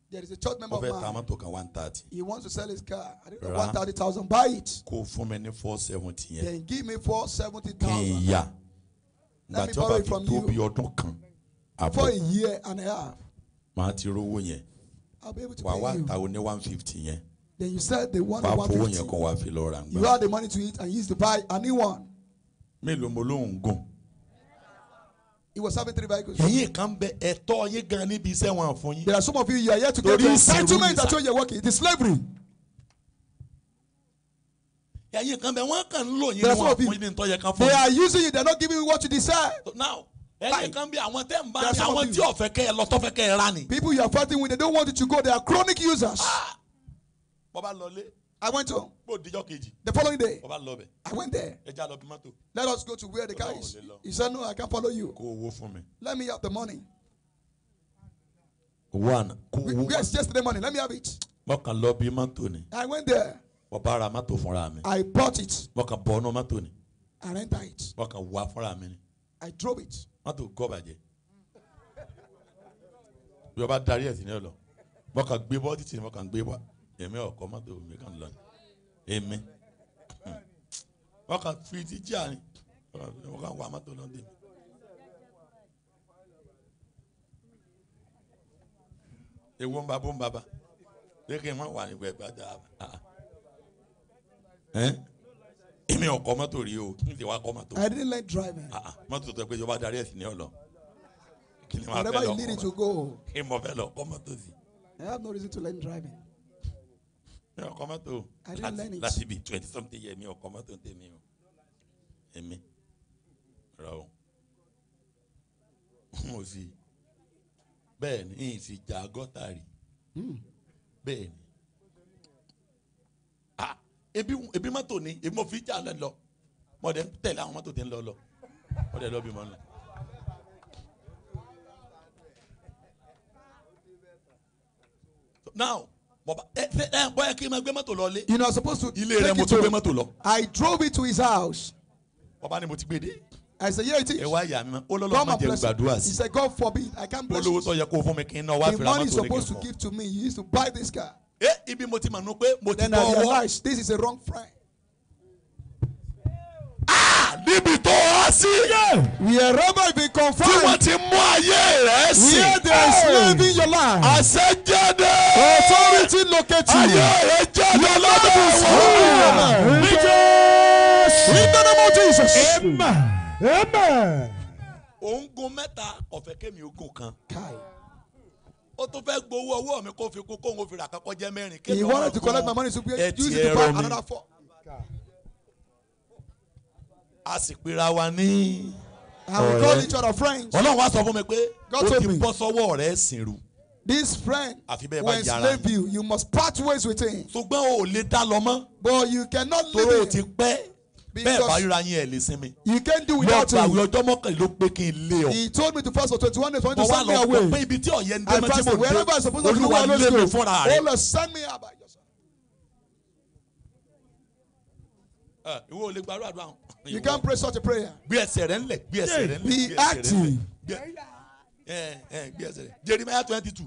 there is a church member of mine. ó ta mọ́tò kan one thirty. he wants to sell his car. I think one thirty thousand buy it. kó fún mi ní four seventy yẹn. then give me four seventy thousand. kí n yà. let me borrow it from you. gbàtí ọba ti tóbi ọdún kan. for a year and a half. màá ti rówó yẹn. I'll be able to pay you. one Then you sell the one one You had the money to eat and used to buy a new one. mélòó He was having three vehicles. ẹ̀tọ́ There are some of you you are yet to get to entitlement at where you are working. It is slavery. There are some of you. They are using you they are not giving you what you deserve. Now ẹnì kan bí àwọn tẹ́ people you are fighting with they don't want you to go they are chronic users. Ah! I went to The following day. I went there. Let us go to where the guy is. He said no I can't follow you. Let me have the money. One. Yes yesterday money let me have it. I went there. I bought it. I rent it. I drove it má tó gọ́ bàjẹ́ bí wọ́n bá darí ẹ̀sìn náà lọ wọ́n kàn gbé bọ́ títí wọ́n kàn gbé wá èmi ọ̀kọ́ má tó mi kàn lọ ni èmi wọ́n kàn fi ti jà ni wọ́n kàn wá má tó lọ tèmi. ewu ń ba bó ń baba lẹ́kẹ̀ẹ́ wọn wà nígbà ẹgbàá dáa mi ò kọ́ mọ́tò rí moto ri ti wá kọ́ mọ́tò. I didn't like driving. Ah, ah, mọ́tò tó pé ìjọba darí ẹ̀sìn ní ọ̀lọ́. kí ni màá fẹ́ lọ kọ́ kí fẹ́ lọ kọ́ mọ́tò sí. I have no reason to learn driving. mi ò kọ́ mọ́tò láti bí twenty something years mi ò kọ́ mọ́tò tèmi o èmi rà o mo sì bẹ́ẹ̀ ni sì já gọ́tà rí hmm. bẹ́ẹ̀ ni ebi ebi mọ́tò ni ebi mo fi jà lọ lọ mo dẹ̀ ń tẹ̀lé àwọn mọ́tò tẹ̀ ń lọ lọ mo dẹ̀ lọ bí mo ń lọ. now bọ̀bá ẹ ẹ bọ́yá kí n máa gbé mo n now boba lọ lé. you know supposed to ilé rẹ mo tún gbé mọ́tò lọ. I drove it to his house. bọ̀bá ni mo ti gbé dé. I said, Here it is. Ẹ wá yà mí ma. Ó lọ́lọ́ ma jẹ gbàdúrà He said, God forbid, I can't bless you. Olówó tó yẹ kó fún mi kí n wá fìlà mọ́tò ní kí n fọ. The money is supposed to give to me, you used to buy this car. Eh, ibi mo ti mọ̀ nù pé mo ti bọ̀ ọwọ́. then this is a wrong friend. ah níbi tó ọ sí. wherever you been confined. tí wọ́n ti mú ayé rẹ̀ sí. where there is oh. living your life. àṣẹ jáde. authority locate ayé rẹ̀ jáde lọ́dọ̀ wọn. níjọ́ in the name of Jesus. amen. amen. òun mẹ́ta ọ̀fẹ́ kẹ́mi ogun kan. káyọ̀ ó tún fẹ́ gbowó owó mi kó fi kó ń fi rà jẹ́ mẹ́rin. he wanted to collect my money so use it to buy another four. a sì pera wa ní. and call each other friends. ọlọ́run wá sọ fún mi pé ó ti bọ́ sọ́wọ́ rẹ̀ sìnrú. This friend will enslave you. You must part ways with him. Ṣùgbọ́n o ò lè dá lọ mọ́. But you cannot leave him. Toro ti pẹ́ bẹ́ẹ̀ bá ríra ẹ̀ lè sinmi. he can't do without me. lọ́ọ̀bù àwọn ọjọ́ mọ́kànlá pé kí n lé ọ. he told me to fast for twenty one days twenty two sunday away. mo wá lọ pé ibi tí ọ̀yẹ́ ń dé mẹ́tí mo dé olúwa lé mi fúnra rẹ̀. olè send me about yourself. ìwọ ò lè gbàdúrà you can't pray such a prayer. gbé ẹsẹ̀ rẹ̀ ńlẹ̀ gbé ẹsẹ̀ rẹ̀ ńlẹ̀. be active gbé eh, eh, ẹsẹ̀ rẹ̀ Jeremiah twenty two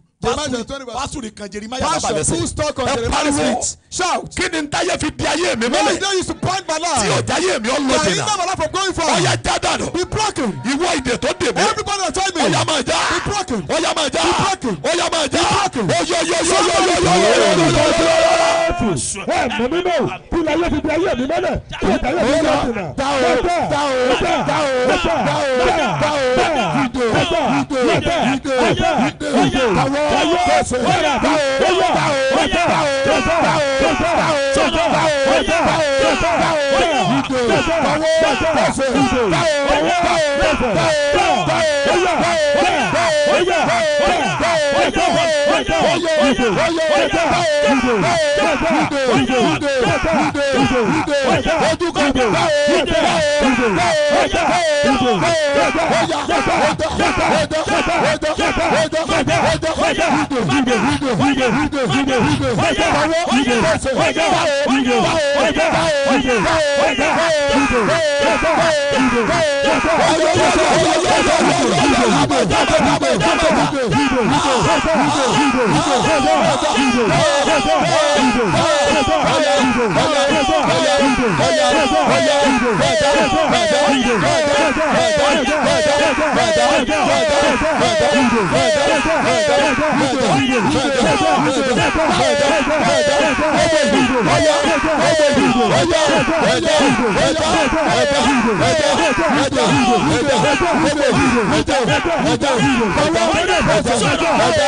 pásùrì kan Jeremiah bàbá lẹ́sẹ̀ ẹ pariwo shout kí ni ntáyé fi di ayé mi mọ́lẹ̀ tí o jáyé mi ọlọ́dẹ náà ọ̀yà já dànù ìwọ ìdè tó dè mọ́ ọ̀yà máa já ọ̀yà máa já ọ̀yà máa já ọ̀yọ̀ yọ̀ yọ̀ yọ̀ yọ̀ yọ̀ yọ̀ yọ̀ yọ̀ jésù ẹ mọ mi náà kí la yẹ fi bí ayé mi mọ́lẹ̀ kí ọ̀tá yẹ fi bí ayé mi mọ́lẹ̀ dáwọ dáwọ dáwọ dáwọ dáwọ ìdò ìdò ìdò ìdò ìdò ìdò àwọn ọ̀sẹ̀ dáwọ dáwọ dáwọ dáwọ dáwọ dáwọ dáwọ dáwọ ìdò àwọn ọ̀sẹ̀ dáwọ dáwọ dáwọ dáwọ dáwọ dáwọ dáwọ dáwọ. Hey! Let's go.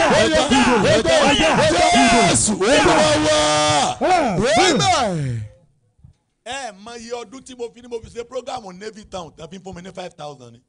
ẹja ẹja ẹja Jésù olúwa ẹ mọ iye ọdún tí mo fi ni mo fi ṣe program on Navy Town tàbí fún mi ní five thousand ni.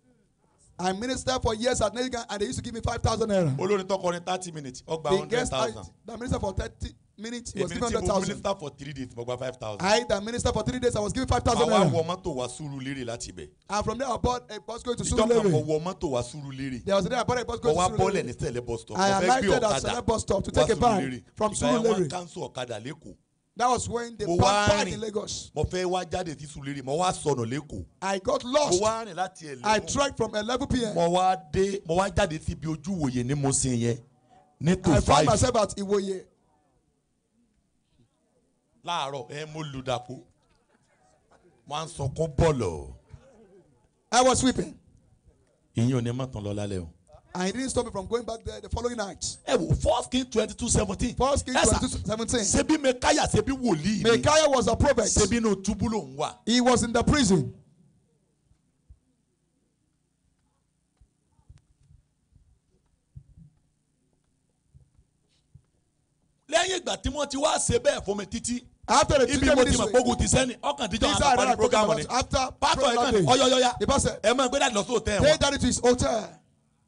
I minister for years at Navy and they used to give me five thousand naira. olórin tọkọrin thirty minutes ọgbà hundred thousand. the guest I the minister for thirty minutes he was given hundred thousand. minister for three days mo gba five thousand. I that minister for three days I was given five thousand naira. àwa wọ mọ́tò wa Surulere láti ibẹ̀. and ah, from there I bought a bus going to Surulere. ìjọba mo wọ mọ́tò wa Surulere. there was a day I bought a bus going to Surulere. mo wá bọ́ọ̀lù ní sẹ̀lẹ̀ bus stop. I alighted at sẹ̀lẹ̀ bus stop to take a bag from Surulere. ìgbà yẹn wọ́n cancel ọ̀kadà lẹ́kọ̀ọ́. That was when they parked in Lagos. Mo fẹ́ wá jáde sí Surulere, mo wá sọnù Lẹ́kọ̀ọ́. I got lost. Mo wá rìn láti ẹ̀ lẹ́kọ̀ọ́. I trekked from eleven pm. Mo wá dé, mo wá jáde sí ibi ojú ìwòye ní Mosìn yẹn. Ní two five. I found myself at Ìwòye. láàárọ̀ ẹ mo lù wọ́n á sọkún bọ̀lọ̀. I was sweeping. ìyẹn ò ní má tán lọ lálẹ́ o. And he didn't stop me from going back there the following night. Ẹ wo First King twenty-two seventeen. First King twenty-two seventeen. Ṣebí Mekaya ṣebí wòlíì ni. Mekaya was a prophet. Ṣebí inú tubulo ló ń wà. He was in the prison. lẹ́yìn ìgbà tí wọ́n ti wá ṣe bẹ́ẹ̀ fún mi títí after the three minutes ibi mo ti mọ kogun ti sẹni ọkàn dijọ àwọn àpárí program ni pásọ ẹ kàn ní ọyọyọya ẹ máa gbé dáàdì lọ sí hòtẹ́ẹ̀ that to his hotel.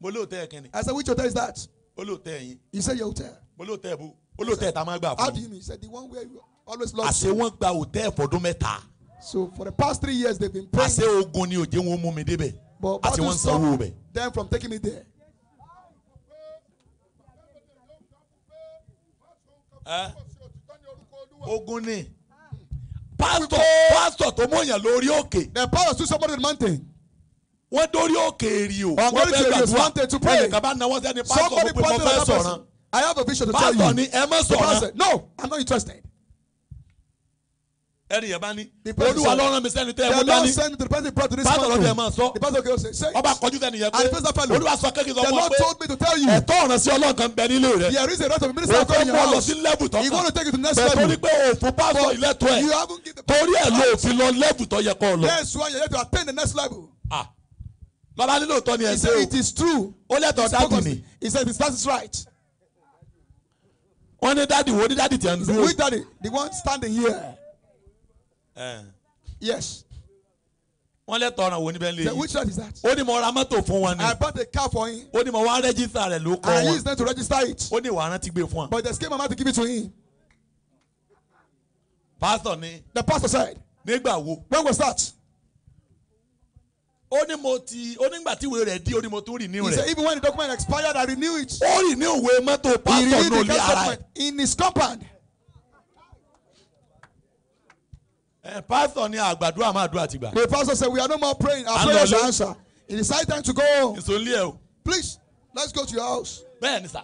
mo lé hòtẹ́ẹ̀ I which hotel is that. ó he said your hotel. mo lé hòtẹ́ẹ̀ bó ó lé máa gbà fún. how do you he said the one where you always love. àṣé wọ́n gba hòtẹ́ẹ̀ fọdún mẹ́ta. so for the past three years they been praying. àṣé ogun ni òjé wọn mú mi débẹ̀. but God will stop them from taking me there. ogun ni pastor pastor tó mọ̀yàn lórí òkè. the power to somebody in mountain. wọ́n dórí òkè èrì o. wọ́n fẹ́ gbàdúrà pray. kaba nawọ́ sẹ́ni pastor mo pe fẹ́ sọ̀ràn. I have a vision to pastor tell you. pastor ni ẹ mọ̀ sọ̀ràn. no I'm not interested ẹni yẹn bá ní. olúwa lọ́rọ̀ mi sẹ́ni tẹ́ ẹ mú dání. pásítọ̀ lọ́dẹ ẹ̀ máa sọ. ọba kọjú sẹ́ni yẹn pé olúwa sọ kékeré ọmọ pé ẹ̀tọ́ ọ̀ràn sí ọlọ́run kan bẹ nílé rẹ̀. o fẹ́ mú ọ lọ sí lẹ́bù tọ́ kan. bẹ́ẹ̀ torí pé òfin pásítọ̀ ìlẹ́tọ̀ ẹ̀ torí ẹ̀ ló fi lọ lẹ́bù tọ́ yẹ kọ́ lọ. lọ́la nílò tọ́ ni ẹ ṣe o. it is true. ó lẹ́tọ̀ọ́ dáàbò he said his is right. wọ́n ní dáàdì wo ní dáàdì tí a ń dúró. which daddy the one standing here. Eh. yes. wọ́n lẹ́ tọrọ àwọn oníbẹ̀ lè. which church is that. ó ní mo ra mọ́tò fún wọn ni. I bought a car for him. ó ní mo wá rẹ́gísítà rẹ̀ ló kọ́ wọn. I used them to register it. ó ní ìwà rántí gbé fún wa. but the came mama to give it to him. pastor ni. the pastor said. nígbà wo. when was that. ó ní mo ti ó nígbà tí ìwé rẹ̀ di ó ní mo tún renew rẹ̀. he said even when the document expired I renew it. ó renew ìwé mọ́tò pastor náà lé ara ẹ̀. he renew the document in his compound. Eh, pastor ni àgbàdua máa dùn àtìgbà. the pastor said we are no more praying our prayers are answered it is high time to go home. ìsòlì ẹ o. please let's go to your house. bẹ́ẹ̀ni sá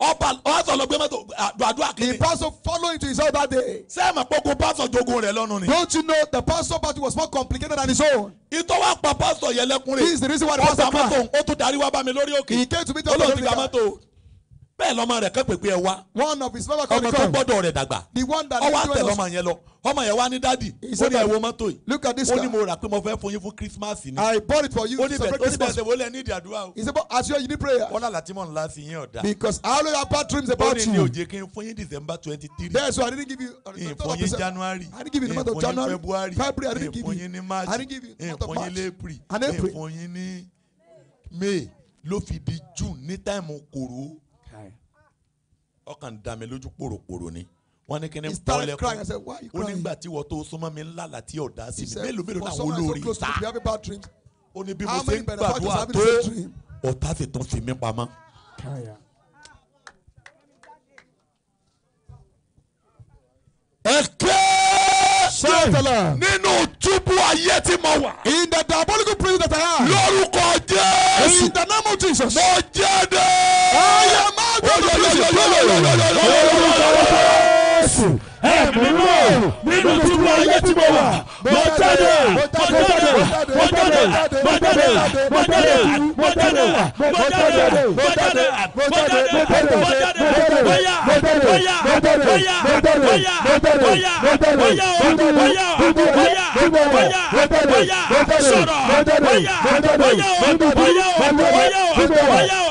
ọba ọsọ lọ gbé mọ́tò àdúrà kiri. the pastor follow into his other day. sẹ́ẹ̀mà pọ́kó pastor jogun rẹ̀ lọ́nu don't you know the pastor party was more complicated than his own. ìtọ́ wa pa pastor yẹlẹ́kùnrin. this is the reason why the pastor cry. ọ̀sán mọ́tò ó tún darí wá bá mi lórí òkè. he came to meet us on the road. olóòtú gba bẹ́ẹ̀ lọ́mọ rẹ̀ kẹ́ pèpè ẹ wá. one of his lover come come. ọmọ tó gbọ́dọ̀ rẹ̀ dàgbà. the one that ọwọ́ àtẹ̀ lọ́mọ yẹn lọ ọmọ yẹn wá ní dádì. ó ní ẹ wo mọ́tò yìí. look at this car. ó ní mo rà pé mo fẹ́ fún yín fún Christmas ni. I bought it for you to celebrate Christmas. ó ní bẹ̀rẹ̀ wọlé ní ìdàdúrà o. he said but as you need prayer. wọ́n lálàtí mọ̀ ńlá sí yín ọ̀dà. because I always have bad dreams about you. ó ní ní òjé kí n fún yín December twenty three. bẹ́ẹ̀ so I didn't give you. Uh, ìfún yín January. I didn't give you the January. February. February I didn't give you. ìfún yín ní March. I didn't give you the month of March. ìfún yín l'April. and April. yín ní May ló fi di June ní táìmù kòró ọkàn dá mi lójú pòròpòrò ni wọ́n ní kí ni bọ́ọ̀lù ẹ̀kọ́ ó nígbà tí wọ́n tó súnmọ́ mi ńlá láti ọ̀dà sí mi mélòó mélòó náà wọ́n lórí ta ó ní bí mo ṣe ń gbàdúrà tó ọ̀tá sì tún fi mí pamọ́. ẹ kẹ́ ṣe nínú túbú ayé tí mo wà. in the diabolical prison that I am. lórúkọ Jésù. in the name of Jesus. mo jẹ́ dé. ayé máa gbé prison lórúkọ Jésù. ẹ̀mí mọ̀ nínú túbú ayé tí mo wà. mo jáde mo jáde mo jáde mo jáde mo jáde mo jáde mo jáde mo jáde mo jáde mo jáde mo jáde mo jáde mo jáde mo jáde sọ̀rọ̀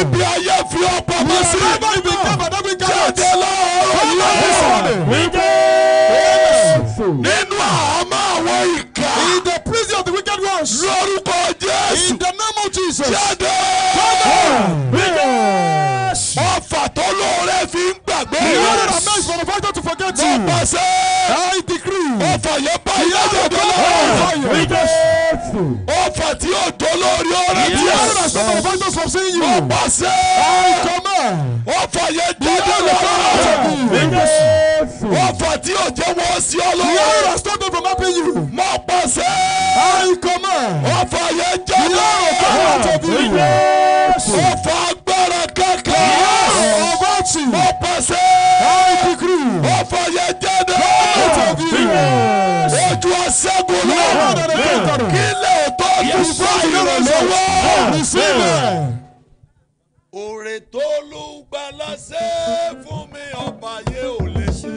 Ibi ayé fi ọ̀pọ̀ mọ́ sí. Ibi jáde lọ́wọ́ ọ̀rọ̀ nínú àmọ́ àwọn ìka. In the prison of the wicked ones. Lórúkọ Jésù. In the name of Jesus. Jáde. Jáde. Ọfà tó lóore order to. mo pàṣẹ. I decree. ọfà yẹn bá yẹn jẹ dọ́là. ọfà tí yóò dolórí ọrẹ tí yẹn. yẹn sọ ma find us from seeing you. mo pàṣẹ. I command. ọfà yẹn jẹ dọ́là. ọfà tí yóò jẹ wọ́n sí ọlọ́wọ́. yẹn sọ ma from helping you. mo pàṣẹ. I command. ọfà yẹn jẹ dọ́là. ọfà agbára kankan. ọgọ́tì. mo pàṣẹ káyọ̀tì kúrú. ọ̀fọ̀ yẹn jáde. káyọ̀tì kúrú. ojú aṣẹ́gun lọ. kílẹ̀ tó tún bá ìrànlọ́wọ́. òrè tó ló gbà láṣẹ fún mi ọba yẹ ò lè ṣe.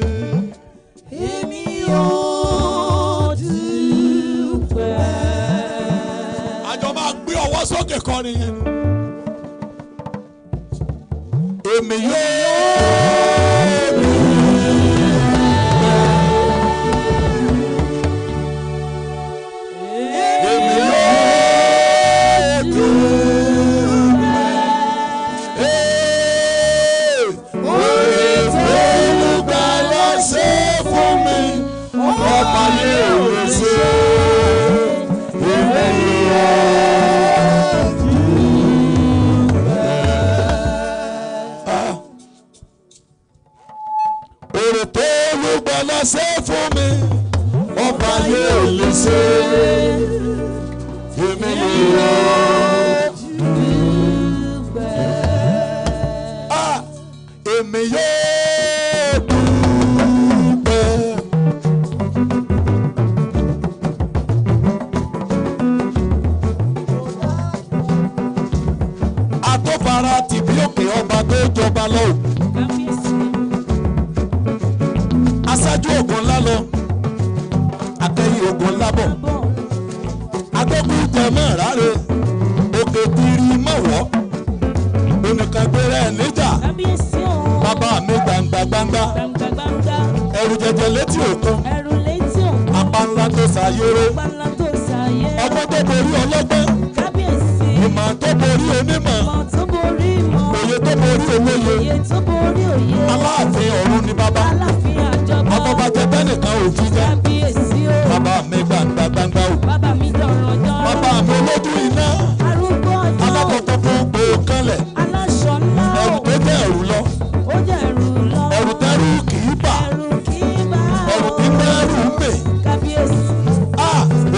èmi ò dúpẹ́. àjọ máa gbé ọwọ́ sókè kọrin yẹn. me, yeah. ṣe fún mi ọba yóò lè ṣe ah, èmi yóò dúpẹ́. èmi yóò dúpẹ́. atọ́fara tìbí òkè ọba tó jọba lọ. mọ́ ráre òkè tìrì mọ̀wọ́ onìkan gbéra ẹ̀ níjà bàbá mi gbangba gbangba ẹrù jẹjẹ létí òkun apanla tó ṣàyẹrẹ ọgbọ́n tó borí ọlọ́gbọ́n ìmọ̀ tó borí onímọ̀ òye tó borí olóye aláàfin ọ̀run ni bàbá ọmọ bàjẹ́ bẹ́ẹ̀ nìkan ò fi jẹ́ bàbá mi gbangba gbangba o bàbá mi olójú iná alákọ̀ọ́kọ́ fún gbòókanlẹ̀ ẹrù tó jẹ́ ẹrù lọ ẹrù tẹ́rù kì í bà ẹrù tí tẹ́rù ń pè á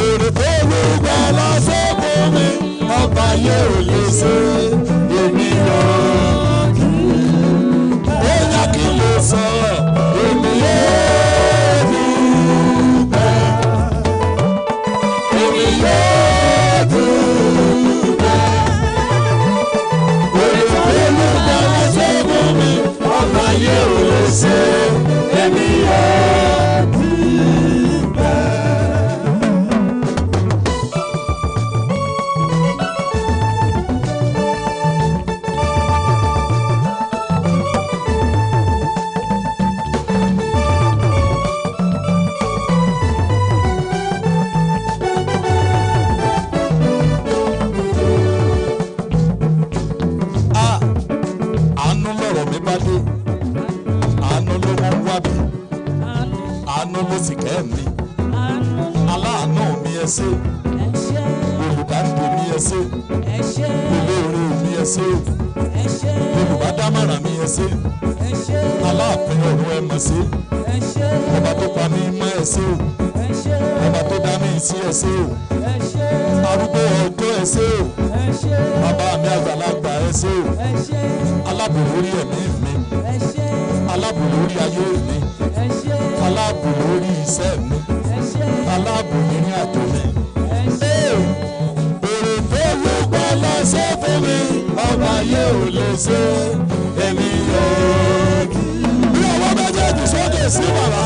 èrè tó wúwo lọ sóko mi ọba yóò lè ṣe é. aláàbò lórí ẹ̀mí mi aláàbò lórí ayé mi aláàbò lórí iṣẹ́ mi aláàbò nínú àjò mi. èrè tó ló gbọ́ lọ sí fún mi ọba ayé ò lè ṣe èmi yóò kí. bí ọwọ́ méjèèjì sókè sí bàbá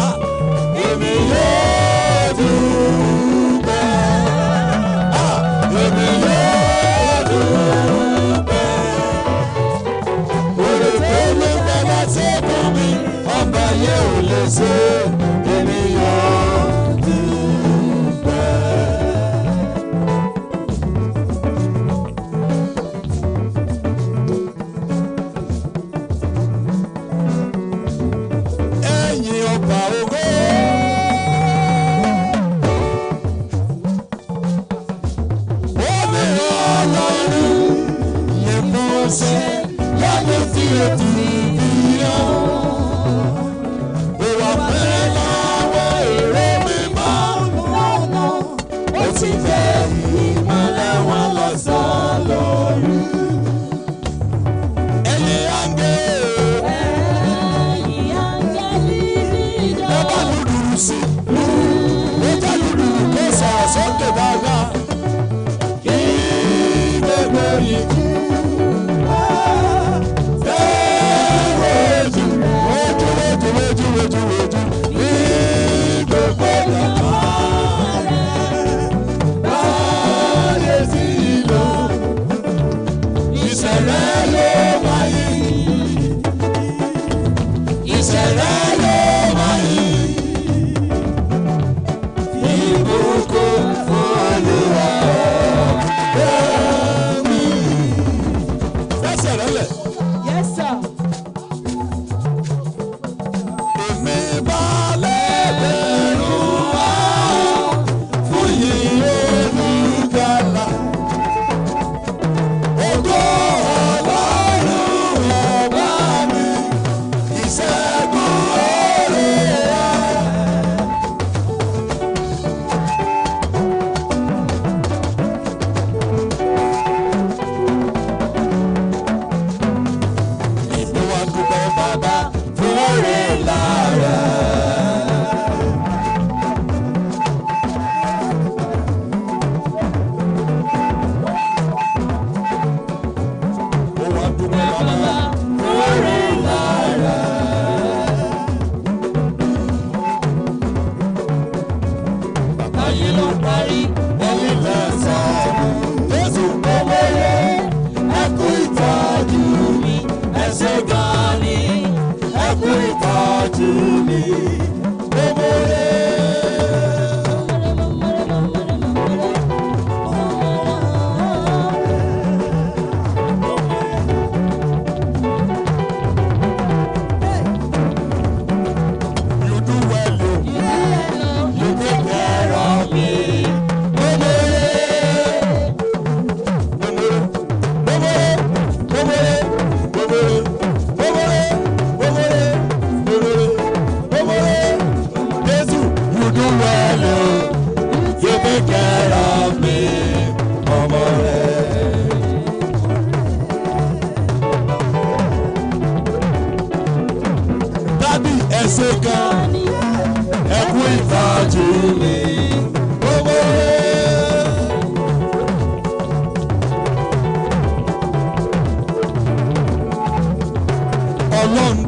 èmi yóò.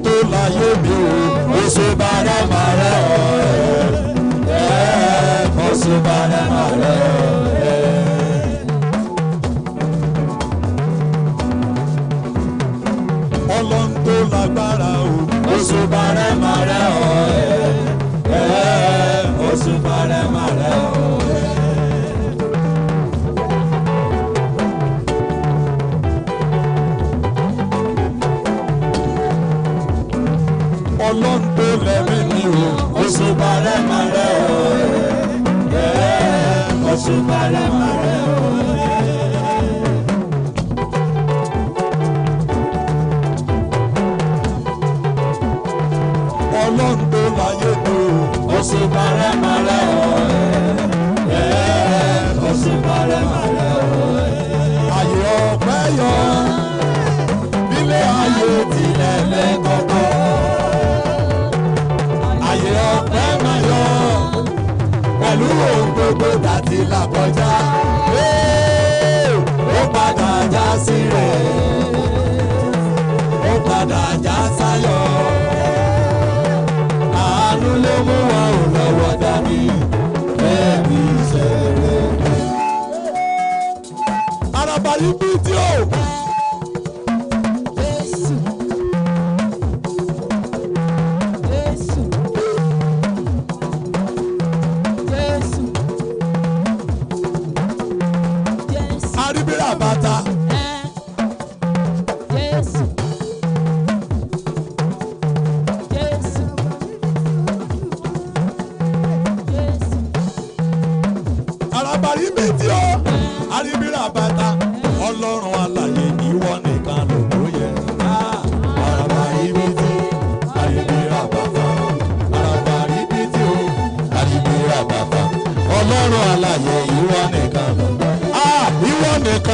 tó láyé mi o oṣù bàrà màrà ọ̀rẹ́ ẹ̀ oṣù bàrà màrà ọ̀rẹ́. ọlọ́run tó lágbára o oṣù bàrà màrà ọ̀rẹ́ ẹ̀ oṣù bàrà màrà ọ̀rẹ́. balẹ̀ máa rẹ̀ o oṣù balẹ̀ máa rẹ̀ o. ọlọ́run tó láyé tó oṣù balẹ̀ máa o. gbogbo dàtí là kọjá ó padà já sí rẹ̀ ó padà já sáyọ̀.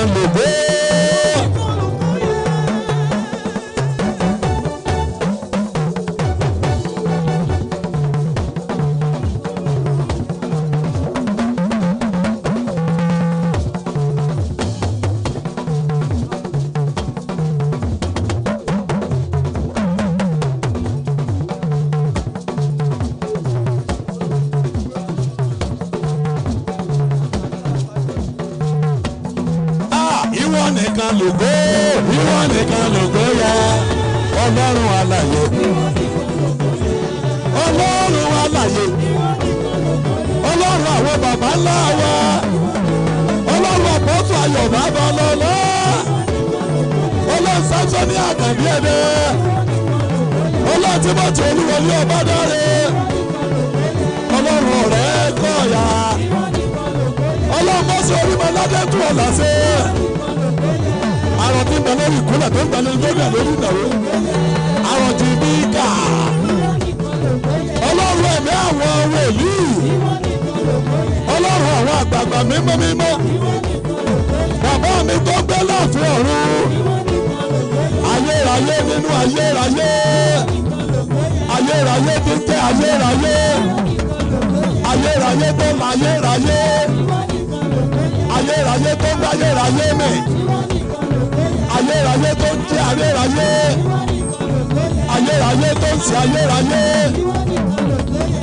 Lord, adé tún ọ̀la ṣe é ń bẹ ìkúnlẹ̀ tó ń bẹ lórí lórí ìdàwó àrùn bí kà ọlọ́run ẹ̀mí àwọn wòlíì ọlọ́run àwọn àgbààgbà mímọ́ mímọ́ bàbá mi tó gbé láàfin ọ̀run ayérayé nínú ayérayé ayérayé ti tẹ ayérayé ayérayé tó la ayérayé ayérayé tó ń gbáyérayé mì ayérayé tó ń jẹ́ ayérayé ayérayé tó ń ṣe ayérayé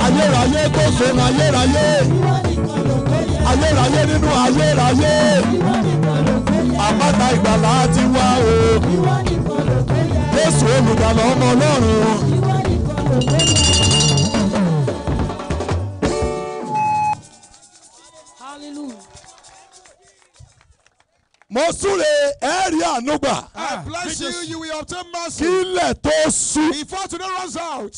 ayérayé tó ń sọnù ayérayé ayérayé nínú ayérayé àpáta ìgbàlá ti wá o Jésù olùgbàlà ọmọ Ọlọ́run. mo súre ẹ rí I bless you, you will obtain mercy. Kílẹ̀ tó sú. Before today runs out.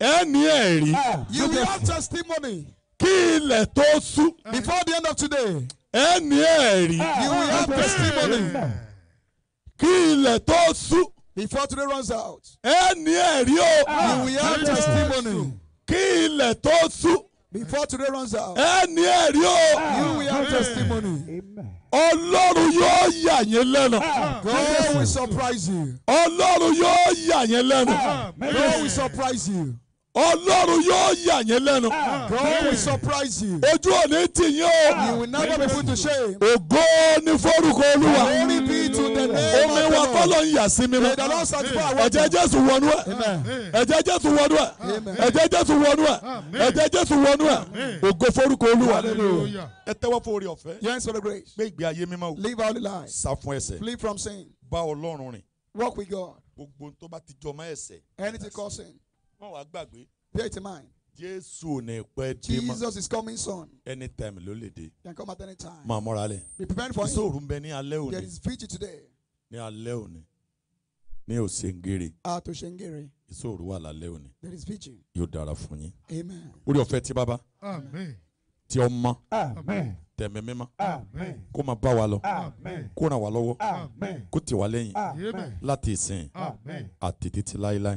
Ẹ ní ẹ̀rí. You will have testimony. Kí ilẹ̀ tó sú. Before the end of today. Ẹ ní ẹ̀rí. You will have testimony. Kí ilẹ̀ tó sú. Before today runs out. Ẹ ní ẹ̀rí o. You will have testimony. Kí ilẹ̀ tó sú. Before today runs out. Ẹ ní ẹ̀rí o. You will have testimony. Amen. Ọlọ́run yóò yà yín lẹ́nu. Ah, ah, God will surprise you. Ọlọ́run yóò yà yín lẹ́nu. Ah, God will surprise you. Ọlọ́run yóò yà yín lẹ́nu. Ah, God will surprise you. Ojú ò ní tì yín o. Ah, you will never be put to shame. Ògo ni forúkọ Olúwa. Glory be to the name of the Lord. Omi wa kọ́lọ̀ ń yà sí mi mọ́. Ẹ̀jẹ̀ Jésù wọnú ẹ̀. Ẹ̀jẹ̀ Jésù wọnú ẹ̀. Ẹ̀jẹ̀ Jésù wọnú ẹ̀. Ẹ̀jẹ̀ Jésù wọnú ẹ̀. Ògo forúkọ Olúwa. Ẹ tẹ́wọ́ fún orí ọ̀fẹ́. Yes, for the grace. Gbé ìgbé ayé mímọ́ o. Live out the life. Sá fún ẹ̀ṣẹ̀. from sin. Bá Ọlọ́run rìn. Walk with God. Anything cause má wàá gbàgbé. bear it in mind. Jésù ní pẹ́ dé mọ́. Jesus is coming soon. Anytime ló lè dé. Can come at any time. Máa múra lẹ̀. Be prepared for him. Sóòrù ń bẹ ní alẹ́ òní. There is vigil today. Ní alẹ́ òní. Ní òṣèǹgèrè. A ah, tó ṣèǹgèrè. Ìṣòro wà lálẹ́ òní. There is vigil. Yóò dára fún yín. Amen. Orí ọ̀fẹ́ tí bàbá. Amen. Tí ọmọ. Amen tẹ̀mí mímọ́ kó máa bá wa lọ kó ràn wá lọ́wọ́ kó tì wá lẹ́yìn láti ìsìn àti títí láéláé.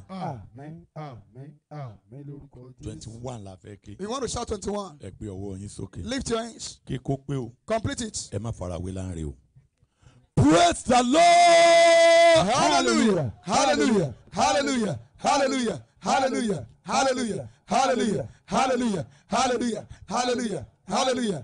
twenty one la fẹ́ ké. you want to shout twenty one. ẹ ọwọ́ yín sókè. lift your hands. kí kó pé o. complete it. ẹ má fara wé láàrin o. praise the lord. hallelujah hallelujah hallelujah hallelujah hallelujah hallelujah hallelujah hallelujah hallelujah hallelujah.